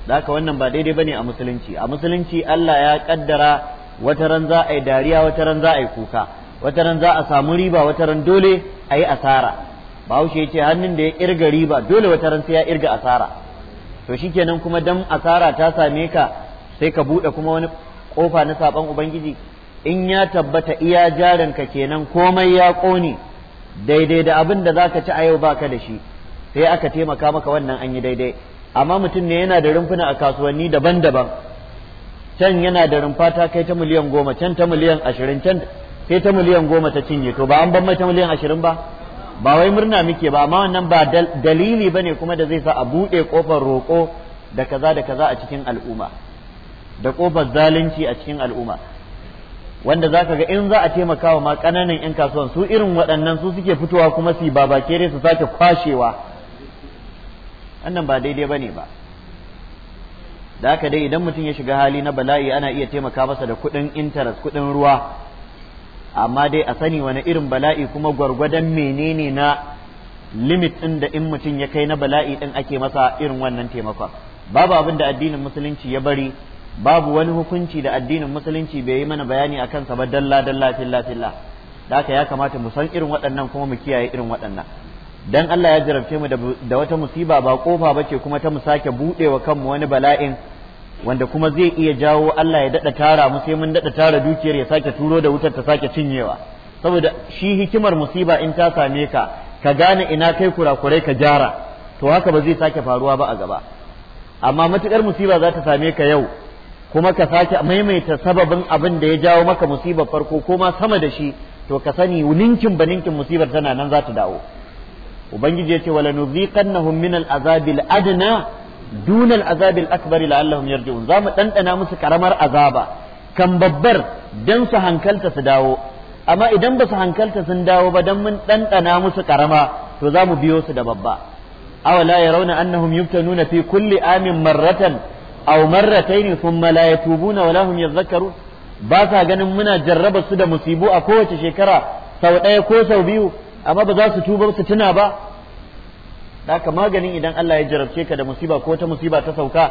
da haka wannan ba daidai bane a musulunci a musulunci Allah ya kaddara wata ran za a yi dariya wata ran za a yi kuka wata ran za a samu riba wata ran dole a yi asara bahaushe ya ce hannun da ya irga riba dole wata ran sai ya irga asara to shikenan kuma dan asara ta same ka sai ka buɗe kuma wani kofa na saban ubangiji in ya tabbata iya jarin ka kenan komai ya ƙone daidai da abin da zaka ci a yau baka da shi sai aka taimaka maka wannan an yi daidai amma mutum ne yana da rumfuna a kasuwanni daban-daban can yana da rumfa ta kai ta miliyan goma can ta miliyan ashirin can sai ta miliyan goma ta cinye to ba an ban mai ta miliyan ashirin ba ba wai murna muke ba amma wannan ba dalili bane kuma da zai sa a buɗe ƙofar roƙo da kaza da kaza a cikin al'umma da kofar zalunci a cikin al'umma wanda zaka ga in za a taimaka wa ma kananan 'yan kasuwan su irin waɗannan su suke fitowa kuma su kere su sake kwashewa wannan ba daidai ba ne ba da haka dai idan mutum ya shiga hali na bala'i ana iya taimaka masa da kuɗin intaras kuɗin ruwa amma dai a sani wani irin bala'i kuma gwargwadon menene na limit ɗin da in mutum ya kai na bala'i ɗin ake masa irin wannan taimakon babu abin da addinin musulunci ya bari babu wani hukunci da addinin musulunci bai yi mana bayani akan sa ba dalla dalla filla filla da haka ya kamata mu san irin waɗannan kuma mu kiyaye irin waɗannan dan Allah ya jarabce mu da wata musiba ba kofa bace kuma ta mu sake buɗewa kanmu wani bala'in wanda kuma zai iya jawo Allah ya daɗa tara mu sai mun dada tara dukiyar ya sake turo da wutar ta sake cinyewa saboda shi hikimar musiba in ta same ka ka gane ina kai kurakurai ka gyara to haka ba zai sake faruwa ba a gaba amma matukar musiba za ta same ka yau kuma ka sake maimaita sababin abin da ya jawo maka musibar farko ko ma sama da shi to ka sani ninkin ba ninkin musibar tana nan za ta dawo ubangiji ya ce wala nuziqannahum min al-azabil adna dun al-azabil akbar la'allahum yarji'un za mu dandana musu karamar azaba kan babbar dan su hankalta su dawo amma idan ba su hankalta sun dawo ba dan mun dandana musu karama to za mu biyo su da babba awala yarawna annahum yuftanuna fi kulli amin marratan aw marratayn thumma la yatubuna wa lahum yadhakkarun ba sa ganin muna jarraba su da musibu a kowace shekara sau ɗaya ko sau biyu amma ba za su tuba su tuna ba haka maganin idan Allah ya jarabce ka da musiba ko ta musiba ta sauka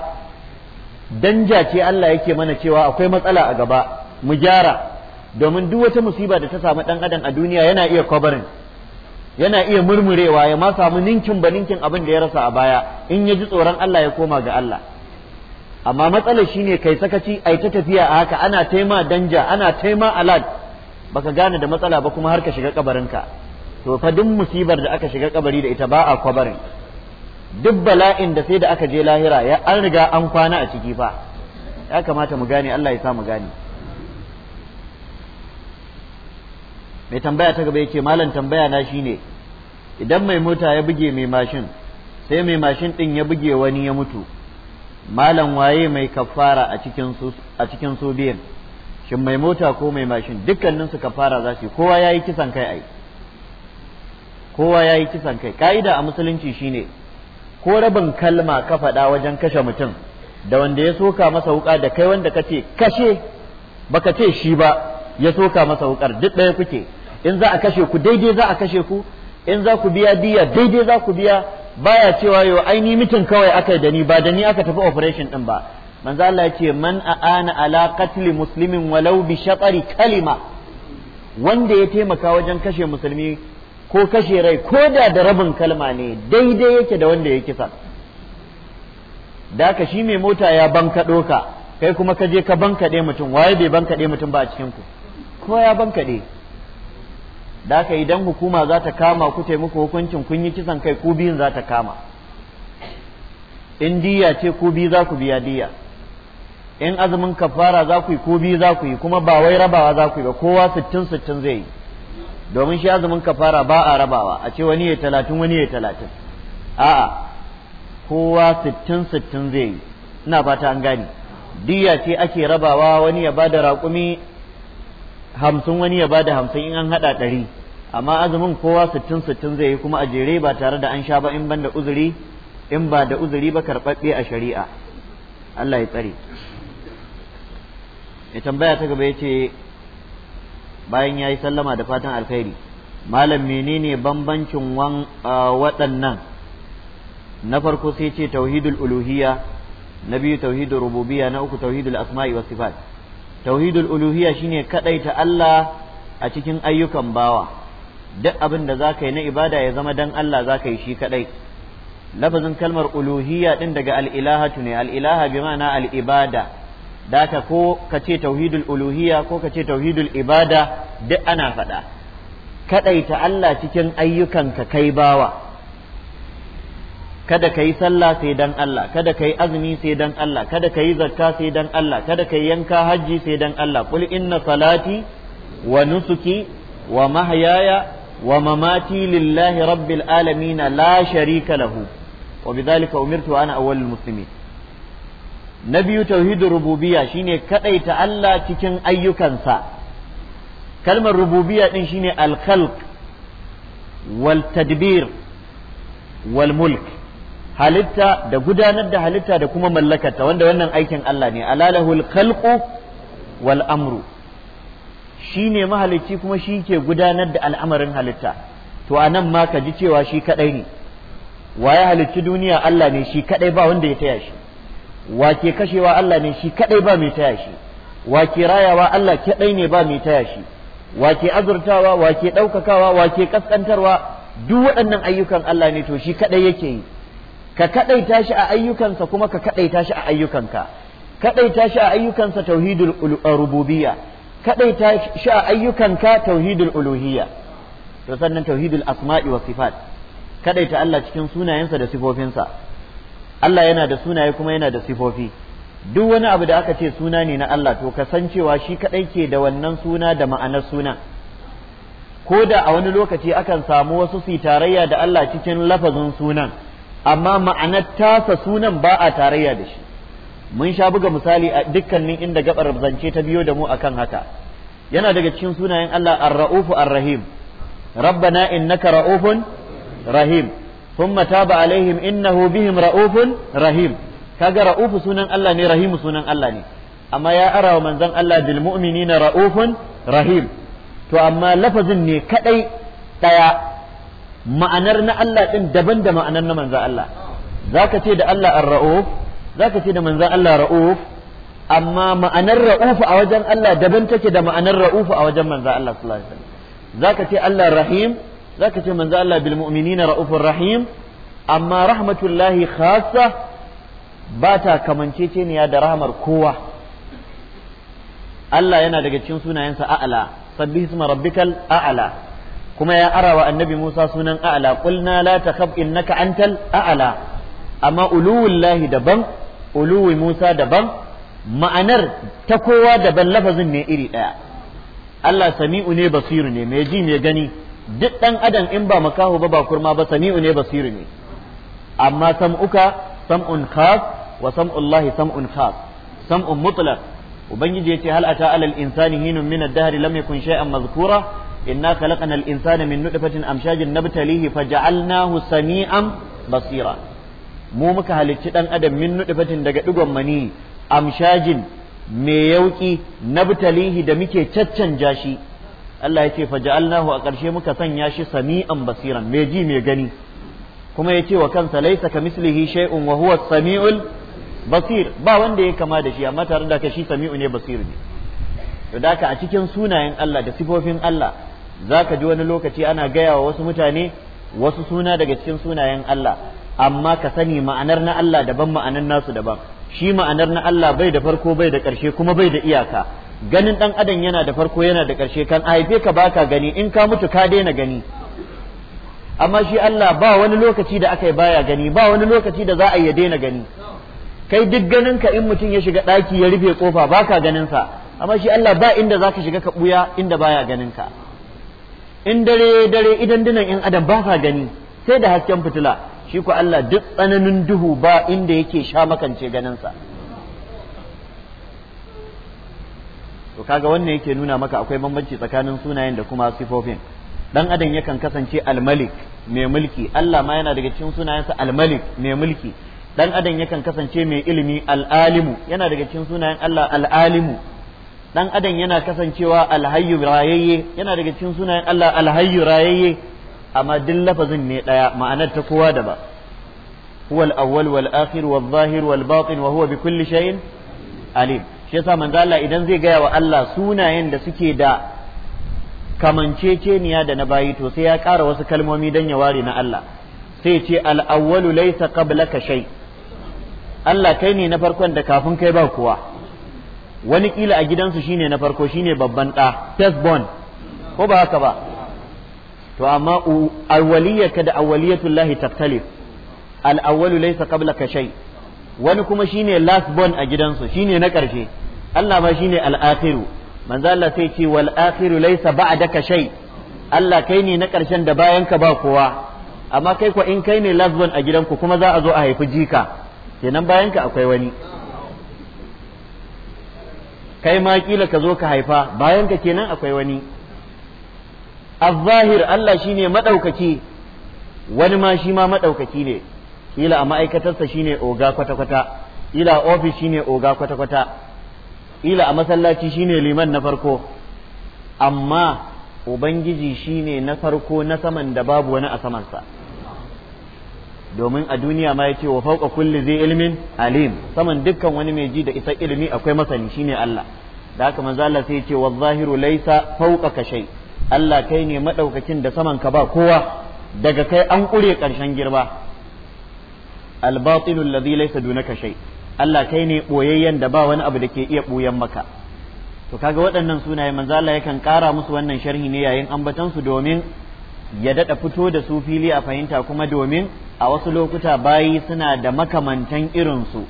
danja ce Allah yake mana cewa akwai matsala a gaba mu gyara domin duk wata musiba da ta samu dan adam a duniya yana iya kwabarin yana iya murmurewa ya ma samu ninkin ba ninkin abin da ya rasa a baya in ya ji tsoron Allah ya koma ga Allah amma matsalar shine kai sakaci ai ta tafiya a haka ana taima danja ana taima alad baka gane da matsala ba kuma har ka shiga kabarinka to fa duk musibar da aka shiga kabari da ita ba a kabarin duk bala'in da sai da aka je lahira ya an riga an kwana a ciki fa ya kamata mu gane Allah ya sa mu gane mai tambaya ta gaba yake malam tambaya na shine idan mai mota ya buge mai mashin sai mai mashin din ya buge wani ya mutu malam waye mai kafara a cikin su a cikin su biyan shin mai mota ko mai mashin dukkanin su kafara za su kowa yayi kisan kai ai kowa yayi kisan kai ka'ida a musulunci shine ko rabin kalma ka faɗa wajen kashe mutum da wanda ya soka masa wuka da kai wanda kace kashe baka ce shi ba ya soka masa wukar duk ɗaya kuke in za a kashe ku daidai za a kashe ku in za ku biya diya daidai za ku biya baya cewa yo aini ni mitin kawai aka yi da ni ba da ni aka tafi operation din ba manzo Allah ce man aana ala qatl muslimin walau bi shatari kalima wanda ya taimaka wajen kashe musulmi ko kashe rai ko da da rabin kalma ne daidai yake da wanda ya kisa da ka shi mai mota ya bankaɗo ka kai kuma ka je ka bankaɗe mutum waye bai bankaɗe mutum ba a cikin ku ko ya bankaɗe da aka idan hukuma za ta kama ku taimako hukuncin kun yi kisan kai ku biyun za ta kama in diya ce ku biyu za ku biya diya in azumin kafara za ku yi ku biyu za ku yi kuma ba wai rabawa za ku yi ba kowa sittin sittin zai yi domin shi azumin kafara ba a rabawa a ce wani ya talatin wani ya talatin a'a kowa sittin sittin zai yi ina fata an gane diya ce ake rabawa wani ya ba da raƙumi hamsin wani ya bada hamsin in an haɗa ɗari amma azumin kowa sittin sittin zai yi kuma a jere ba tare da an sha ba in ban da uzuri in ba da uzuri ba karɓaɓɓe a shari'a Allah ya tsare ya tambaya ta gaba ya ce bayan ya yi sallama da fatan alkhairi malam menene bambancin waɗannan na farko sai ce tauhidul uluhiya na biyu tauhidul rububiya na uku tauhidul asma'i was sifat tauhidul uluhiyya shine kaɗaita Allah a cikin ayyukan bawa duk abin da zaka yi na ibada ya zama dan Allah zaka yi shi kaɗai lafazin kalmar uluhiyya ɗin daga al'ilaha tune ne al bi mana alibada daka ko ka ce tauhidul uluhiyya ko ka ce tauhidul ibada duk ana faɗa kaɗaita Allah cikin ayyukanka kai bawa kada ka yi sallah sai dan Allah kada ka yi azumi sai dan Allah kada ka yi zakka sai dan Allah kada ka yi yanka hajji sai dan Allah qul inna salati wa nusuki wa mahyaya wa mamati lillahi rabbil alamin la sharika lahu wa bidhalika umirtu ana awwalul muslimin na biyu tauhidur rububiyya shine kadaita Allah cikin ayyukansa kalmar rububiyya din shine al-khalq wal tadbir wal mulk halitta da gudanar da halitta da kuma mallakarta wanda wannan aikin Allah ne alalahul khalqu wal amru shi ne mahalicci kuma shi ke gudanar da al'amarin halitta to a nan ma ka ji cewa shi kadai ne wa halicci duniya Allah ne shi kadai ba wanda ya taya shi wa ke kashewa Allah ne shi kadai ba mai taya shi wa ke rayawa Allah kadai ne ba mai taya shi wa ke azurtawa wa ke ɗaukakawa wa ke kaskantarwa duk waɗannan ayyukan Allah ne to shi kadai yake yi ka kadaita shi a ayyukansa kuma ka kadaita shi a ayyukanka kadaita shi a ayyukansa tauhidul rububiyya kadaita shi a ayyukanka tauhidul uluhiyya to sannan tauhidul asma'i wa sifat kadaita Allah cikin sunayensa da sifofinsa Allah yana da sunaye kuma yana da sifofi duk wani abu da aka ce suna ne na Allah to kasancewa shi kaɗai ke da wannan suna da ma'anar suna? ko da a wani lokaci akan samu wasu su tarayya da Allah cikin lafazin sunan amma ma'anar tasa sunan ba a tarayya da shi mun sha buga misali a dukkanin inda gabar zance ta biyo da mu akan haka yana daga cikin sunayen Allah ar-ra'ufu ar-rahim rabbana innaka ra'ufun rahim thumma taba alaihim innahu bihim ra'ufun rahim kaga ra'ufu sunan Allah ne rahimu sunan Allah ne amma ya arawa manzon Allah bil mu'minina ra'ufun rahim to amma lafazin ne kadai daya ma'anar na Allah ɗin daban da ma'anar na manzan Allah za ka ce da Allah ar-ra'uf ka ce da manzan Allah ra'uf amma ma'anar ra'uf a wajen Allah daban take da ma'anar ra'uf a wajen manzan Allah sallallahu alaihi wasallam ka ce Allah rahim za ka ce manzan Allah bil mu'minina ra'ufur rahim amma rahmatullahi khassa ba ta kamanceceniya da rahmar kowa Allah yana daga cikin sunayensa a'ala sabbihisma rabbikal a'ala kuma ya arawa annabi Musa sunan a'ala qulna la takhab innaka antal aala, amma uluwullahi daban uluwi Musa daban ma'anar ta kowa daban lafazin ne iri daya Allah sami'u ne basiru ne mai ji mai gani duk dan adam in ba makaho ba ba kurma ba sami'u ne basiru ne amma sam'uka sam'un khas wa sam'ullahi sam'un khas sam'un mutlaq ubangiji yace hal ata alal insani hinun min ad-dahr lam yakun shay'an mazkura inna khalaqnal insana min nutfatin amshajin nabtalihi faja'alnahu sami'an basira mu muka halicci dan adam min nutfatin daga digon mani amshajin me yauki nabtalihi da muke caccanja shi Allah ya ce faja'alnahu a karshe muka sanya shi sami'an basira. me ji me gani kuma ya ce wa kansa laisa kamislihi shay'un wa huwa samiul basir ba wanda ya kama da shi amma tare da ka shi sami'u ne basir ne da a cikin sunayen Allah da sifofin Allah za ka ji wani lokaci ana gaya wa wasu mutane wasu suna daga cikin sunayen Allah amma ka sani ma'anar na Allah daban ma'anar nasu daban shi ma'anar na Allah bai da farko bai da ƙarshe kuma bai da iyaka ganin ɗan adam yana da farko yana da ƙarshe kan haife ka baka gani in ka mutu ka daina gani amma shi Allah ba wani lokaci da aka yi baya gani ba wani lokaci da za a yi daina gani kai duk ganin ka in mutum ya shiga ɗaki ya rufe kofa baka ganin sa amma shi Allah ba inda zaka shiga ka buya inda baya ganin ka in dare dare idan dinan in adam ba ka gani sai da hasken fitila shi ko Allah duk tsananin duhu ba inda yake sha makance ganinsa to kaga wannan yake nuna maka akwai bambanci tsakanin sunayen da kuma sifofin dan adam yakan kasance almalik mai mulki Allah ma yana daga cikin sunayensa almalik mai mulki dan adam yakan kasance mai ilimi al'alimu yana daga cikin sunayen Allah al'alimu dan adam yana kasancewa alhayyu rayayye yana daga cikin sunayen Allah alhayyu rayayye amma duk lafazin ne daya ma'anar ta kowa da ba huwal awwal wal akhir wal zahir wal batin wa huwa bi kulli shay'in alim shi yasa manzo Allah idan zai gaya wa Allah sunayen da suke da kamanceceniya da na bayi to sai ya ƙara wasu kalmomi dan ya ware na Allah sai ce al awwalu laysa qablaka shay' Allah kai ne na farkon da kafin kai ba kuwa wani kila a gidansu shine na farko shine babban ɗa first born ko ba haka ba to amma awwaliyyaka da awwaliyatul lahi taktalif al awwalu laysa qablaka shay wani kuma shine last born a gidansu shine na ƙarshe Allah ma shine al akhiru manzo Allah sai ce wal akhiru laysa ba'daka shay Allah kai ne na ƙarshen da bayan ka ba kowa amma kai ko in kai ne last born a gidanku kuma za a zo a haifi jika kenan bayan ka akwai wani kai ma kila ka zo ka haifa bayan ka kenan akwai wani al-zahir Allah shine madaukaki wani ma shi ma madaukaki ne kila a ma'aikatarsa shine oga kwata-kwata kila a ofis shine oga kwata-kwata kila a masallaci shine liman na farko amma ubangiji shine na farko na saman da babu wani a samansa domin a duniya ma yace wa fauka kulli zai ilmin alim saman dukkan wani mai ji da isa ilimi akwai masani shine Allah da haka manzo Allah sai ya ce laisa laysa ka shay Allah kai ne madaukakin da saman ka ba kowa daga kai an kure karshen girba al-batilu alladhi laysa dunaka shay Allah kai ne boyayyen da ba wani abu da ke iya buyan maka to kaga waɗannan sunaye manzo Allah yakan ƙara musu wannan sharhi ne yayin ambatansu domin ya daɗa fito da su fili a fahimta kuma domin a wasu lokuta bayi suna da makamantan irinsu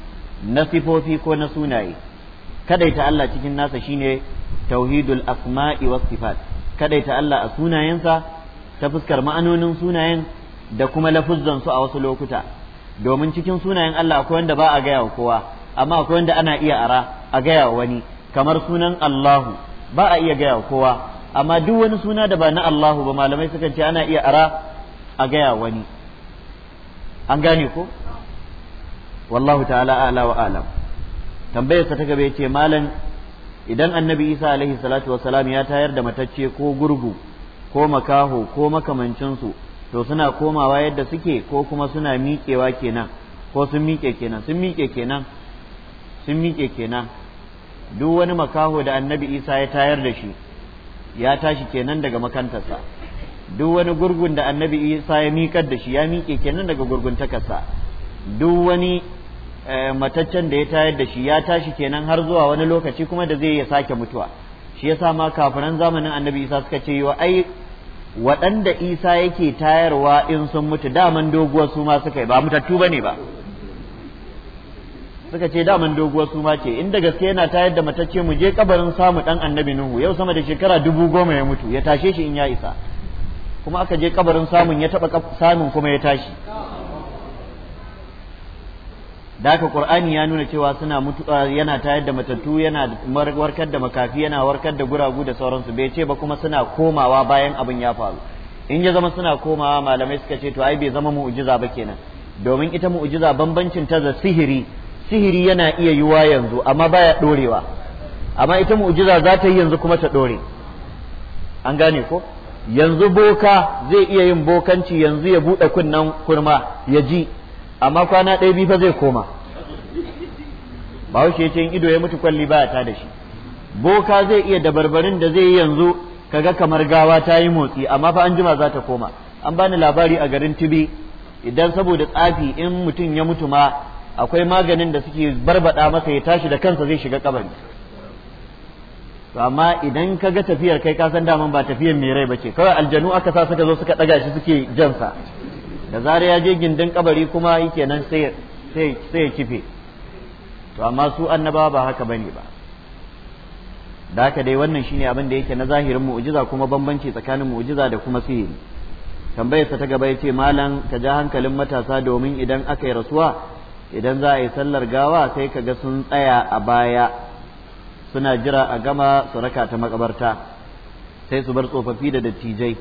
na sifofi ko na sunaye kadaita Allah cikin nasa shine tauhidul asma'i was sifat kadaita Allah a sunayensa ta fuskar ma'anonin sunayen da kuma lafuzzan su a wasu lokuta domin cikin sunayen Allah akwai wanda ba a gaya wa kowa amma akwai wanda ana iya ara a gaya wa wani kamar sunan Allahu ba a iya gaya wa kowa amma duk wani suna da ba na Allahu ba malamai sukan ce ana iya ara a gaya wani an gane ko wallahu ta'ala a'la wa a'lam tambayarsa ta gaba ya ce malam idan annabi isa alaihi salatu wasalam ya tayar da matacce ko gurgu ko makaho ko makamancinsu to suna komawa yadda suke ko kuma suna miƙewa kenan ko sun miƙe kenan sun miƙe kenan sun miƙe kenan duk wani makaho da annabi isa ya tayar da shi ya tashi kenan daga makantarsa duk wani gurgun da annabi isa ya miƙar da shi ya miƙe kenan daga gurgun takarsa duk wani Eh, mataccen da ya tayar da shi ya tashi kenan har zuwa wani lokaci kuma da zai ya sake mutuwa shi yasa ma kafiran zamanin annabi isa suka ce wa ai waɗanda isa yake tayarwa in sun mutu daman doguwar su ma suka yi ba mutattu ba ne ba suka ce daman doguwar su ma ce in da gaske yana tayar da matacce mu je kabarin samu dan annabi nuhu yau sama da shekara dubu goma ya mutu ya tashe shi in ya isa kuma aka je kabarin samun ya taɓa samun kuma ya tashi da haka qur'ani ya nuna cewa suna mutuwa yana tayar da matattu yana warkar da makafi yana warkar da guragu da sauransu bai ce ba kuma suna komawa bayan abin ya faru in ya zama suna komawa malamai suka ce to ai bai zama mu'jiza ba kenan domin ita mu'jiza bambancin ta da sihiri sihiri yana iya yiwa yanzu amma baya dorewa amma ita mu'jiza za ta yi yanzu kuma ta dore an gane ko yanzu boka zai iya yin bokanci yanzu ya buɗe kunnen kurma ya ji amma kwana ɗaya biyu fa zai koma ya ce in ido ya mutu kwalli ba ta da shi boka zai iya dabarbarin da zai yi yanzu kaga kamar gawa ta yi motsi amma fa an jima za ta koma an bani labari a garin tibi idan saboda tsafi in mutum ya mutu ma akwai maganin da suke barbada masa ya tashi da kansa zai shiga kabari to amma idan ka ga tafiyar kai ka san daman ba tafiyar mai rai bace kawai aljanu aka sa suka zo suka daga shi suke jansa da zarar ya je gindin kabari kuma kenan sai sai ya kife to amma su annabawa ba haka bane ba da haka dai wannan shine abin da yake na zahirin mu'jiza kuma bambanci tsakanin mu'jiza da kuma sihiri tambayar ta gaba ya ce malam ka ja hankalin matasa domin idan aka yi rasuwa idan za a yi sallar gawa sai ka ga sun tsaya a baya suna jira a gama su raka ta makabarta sai su bar tsofaffi da dattijai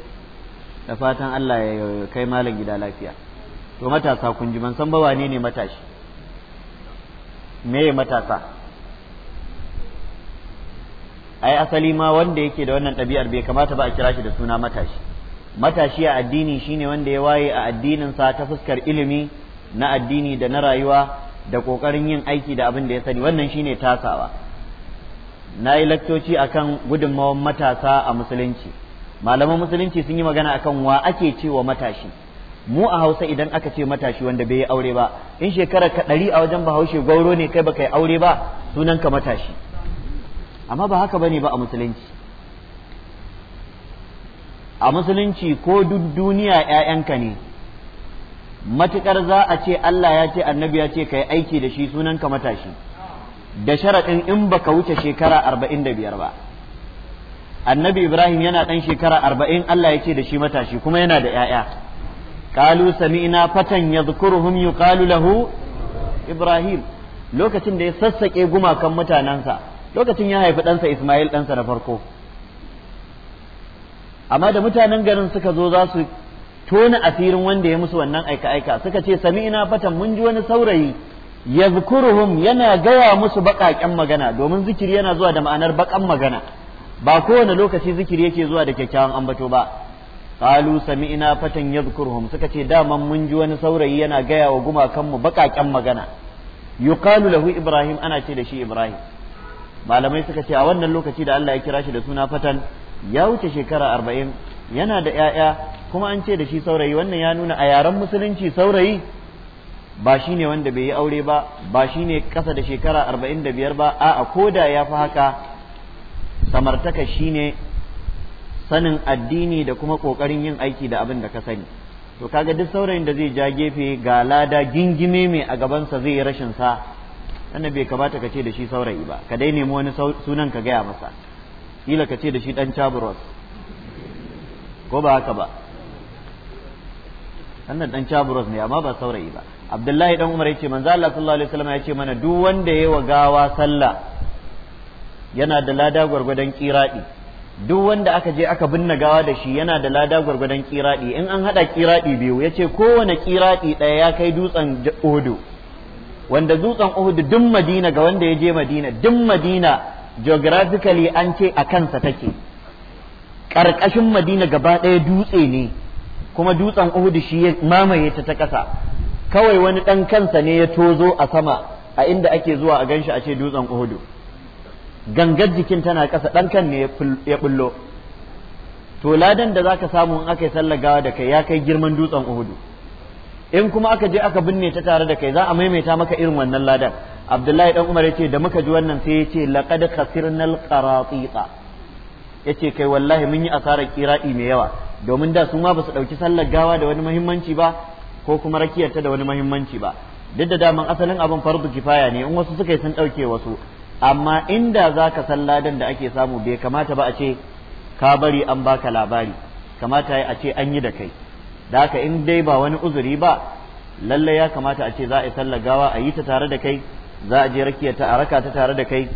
da fatan Allah ya kai malam gida lafiya to matasa kun ji ban san ba wane ne matashi me matasa ai asali ma wanda yake da wannan ɗabi'ar bai kamata ba a kira shi da suna matashi matashi a addini shine wanda ya waye a addinin sa ta fuskar ilimi na addini da na rayuwa da kokarin yin aiki da abin da ya sani wannan shine tasawa na yi lakcoci akan gudunmawan matasa a musulunci malaman musulunci sun yi magana akan wa ake cewa matashi mu a hausa idan aka ce matashi wanda bai yi aure ba in shekara ka ɗari a wajen bahaushe gauro ne kai baka yi aure ba sunan ka matashi amma ba haka bane ba a musulunci a musulunci ko duk duniya ‘ya'yanka ne matuƙar za a ce Allah ya ce annabi ya ce ka yi aiki da shi sunan ka matashi da sharaɗin in baka wuce shekara arba'in da biyar ba annabi ibrahim yana ɗan shekara arba'in allah ya ce da shi matashi kuma yana da ‘ya'ya kalu sami'na fatan ya yuqalu lahu ibrahim lokacin da ya sassaƙe gumakan mutanensa lokacin ya haifi ɗansa ismail ɗansa na farko amma da mutanen garin suka zo za su tona asirin wanda ya musu wannan aika-aika suka ce sami'na fatan mun ji wani saurayi yazkuruhum yana gaya musu baƙaƙen magana domin zikiri yana zuwa da ma'anar baƙan magana ba kowane lokaci zikiri yake zuwa da kyakkyawan ambato ba qalu sami'na fatan yadhkuruhum suka ce daman mun ji wani saurayi yana gaya wa gumakan mu bakaken magana yuqalu lahu ibrahim ana ce da shi ibrahim malamai suka ce a wannan lokaci da Allah ya kira shi da suna fatan ya wuce shekara arba'in yana da ‘ya'ya kuma an ce da shi saurayi wannan ya nuna a yaren musulunci saurayi ba shi ne wanda bai yi aure ba ba shi ne kasa da shekara arba'in da biyar ba A'a ko da ya fi haka samartaka shine sanin addini da kuma ƙoƙarin yin aiki da abin da ka sani to kaga duk saurayin da zai ja gefe ga lada gingime mai a gabansa zai yi rashin sa wannan bai kamata ka ce da shi saurayi ba ka dai nemi wani sunan ka gaya masa kila ka ce da shi dan chabros ko ba haka ba wannan dan chabros ne amma ba saurayi ba abdullahi dan umar yace manzo Allah sallallahu alaihi wasallam yace mana duk wanda yayi wa gawa sallah yana da lada gwargwadon kiradi duk wanda aka je aka binne gawa da shi yana da lada gwargwadon kiradi in an hada kiradi biyu ya ce kowane kiradi ɗaya ya kai dutsen uhudu. wanda dutsen uhudu duk Madina ga wanda ya je Madina duk Madina geographically an ce a kansa take ƙarƙashin Madina gaba ɗaya dutse ne kuma dutsen uhudu shi ya mamaye ta ta ƙasa kawai wani ɗan kansa ne ya tozo a sama a inda ake zuwa a ganshi a ce dutsen uhudu. gangar jikin tana ƙasa ɗan kan ne ya ɓullo to ladan da zaka samu in aka yi sallar gawa da kai ya kai girman dutsen uhudu in kuma aka je aka binne ta tare da kai za a maimaita maka irin wannan ladan abdullahi dan umar yace da muka ji wannan sai yace laqad khasirnal ya yace kai wallahi mun yi asarar kira'i mai yawa domin da su ma ba dauki sallar gawa da wani muhimmanci ba ko kuma rakiyar ta da wani muhimmanci ba duk da daman asalin abin fardu kifaya ne in wasu suka yi sun ɗauke wasu amma inda za ka san ladan da ake samu bai kamata ba a ce ka bari an baka labari kamata a ce an yi da kai da haka in dai ba wani uzuri ba lalle ya kamata a ce za a yi sallar gawa a yi ta tare da kai za a je rakiya a raka ta tare da kai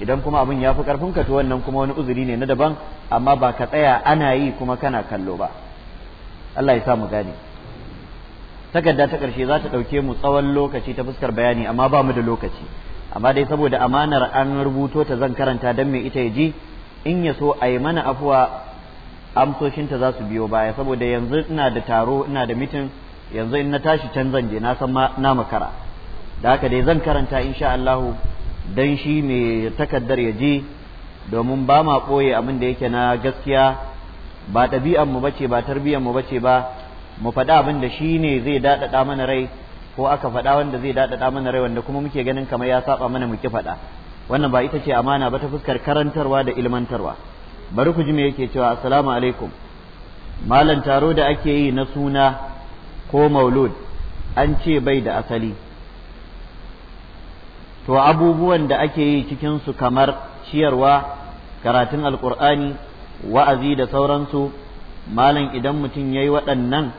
idan kuma abin ya fi karfin ka to wannan kuma wani uzuri ne na daban amma ba ka tsaya ana yi kuma kana kallo ba Allah ya sa mu gane takarda ta karshe za ta ɗauke mu tsawon lokaci ta fuskar bayani amma ba mu da lokaci amma dai saboda amanar an rubuto ta zan karanta don mai ita ya ji in ya so a yi mana afuwa amsoshinta za su biyo baya saboda yanzu ina da taro ina da mitin yanzu in na tashi can zan je na san ma na makara da haka dai zan karanta insha Allah dan shi mai takaddar ya je domin ba ma ɓoye abin da yake na gaskiya ba ɗabi'an mu bace ba tarbiyyar mu bace ba mu faɗa abin da shi ne zai daɗaɗa mana rai ko aka faɗa wanda zai daɗaɗa mana rai wanda kuma muke ganin kamar ya saba mana muke faɗa wannan ba ita ce amana ba ta fuskar karantarwa da ilmantarwa bari ku ji me yake cewa assalamu alaikum malam taro da ake yi na suna ko maulud an ce bai da asali to abubuwan da ake yi cikin su kamar ciyarwa karatun alkur'ani wa'azi da sauransu malam idan mutum ya yi waɗannan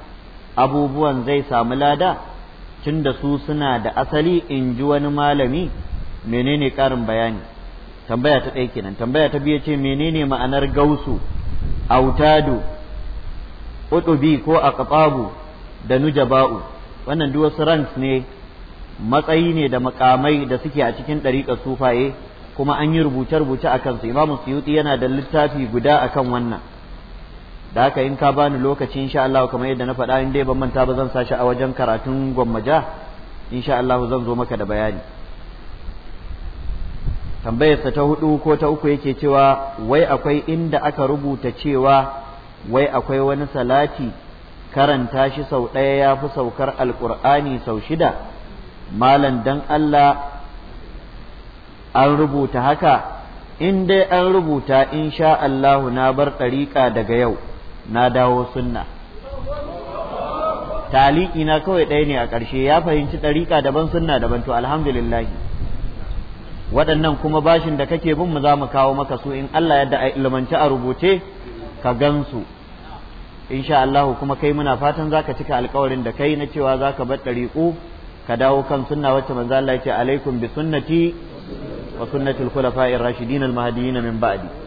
abubuwan zai samu lada tun da su suna da asali in ji wani malami menene ƙarin bayani tambaya ta ɗaya kenan tambaya ta biya ce menene ma'anar gausu autadu utubi ko aqtabu da nujaba'u wannan duk wasu ranks ne matsayi ne da makamai da suke a cikin ɗariƙa sufaye kuma an yi rubuce-rubuce a kansu imamu suyuti yana da littafi guda akan wannan da haka in ka bani lokaci insha Allah kamar yadda na faɗa in dai ban manta ba zan sashi a wajen karatun gwammaja insha Allah zan zo maka da bayani tambayar ta hudu ko ta uku yake cewa wai akwai inda aka rubuta cewa wai akwai wani salati karanta shi sau ɗaya ya fi saukar alkur'ani sau shida malam dan Allah an rubuta haka in dai an rubuta insha Allahu na bar ɗariƙa daga yau na dawo sunna taliki na kawai ɗaya ne a ƙarshe ya fahimci ɗariƙa daban sunna daban to alhamdulillahi waɗannan kuma bashin da kake bin mu za mu kawo maka su in Allah yadda a ilmance a rubuce ka gansu insha Allah kuma kai muna fatan zaka cika alƙawarin da kai na cewa zaka bar ɗariƙu ka dawo kan sunna wacce manzo Allah ya ce alaikum bi sunnati wa sunnatul khulafa'ir rashidin al mahdiyyin min ba'di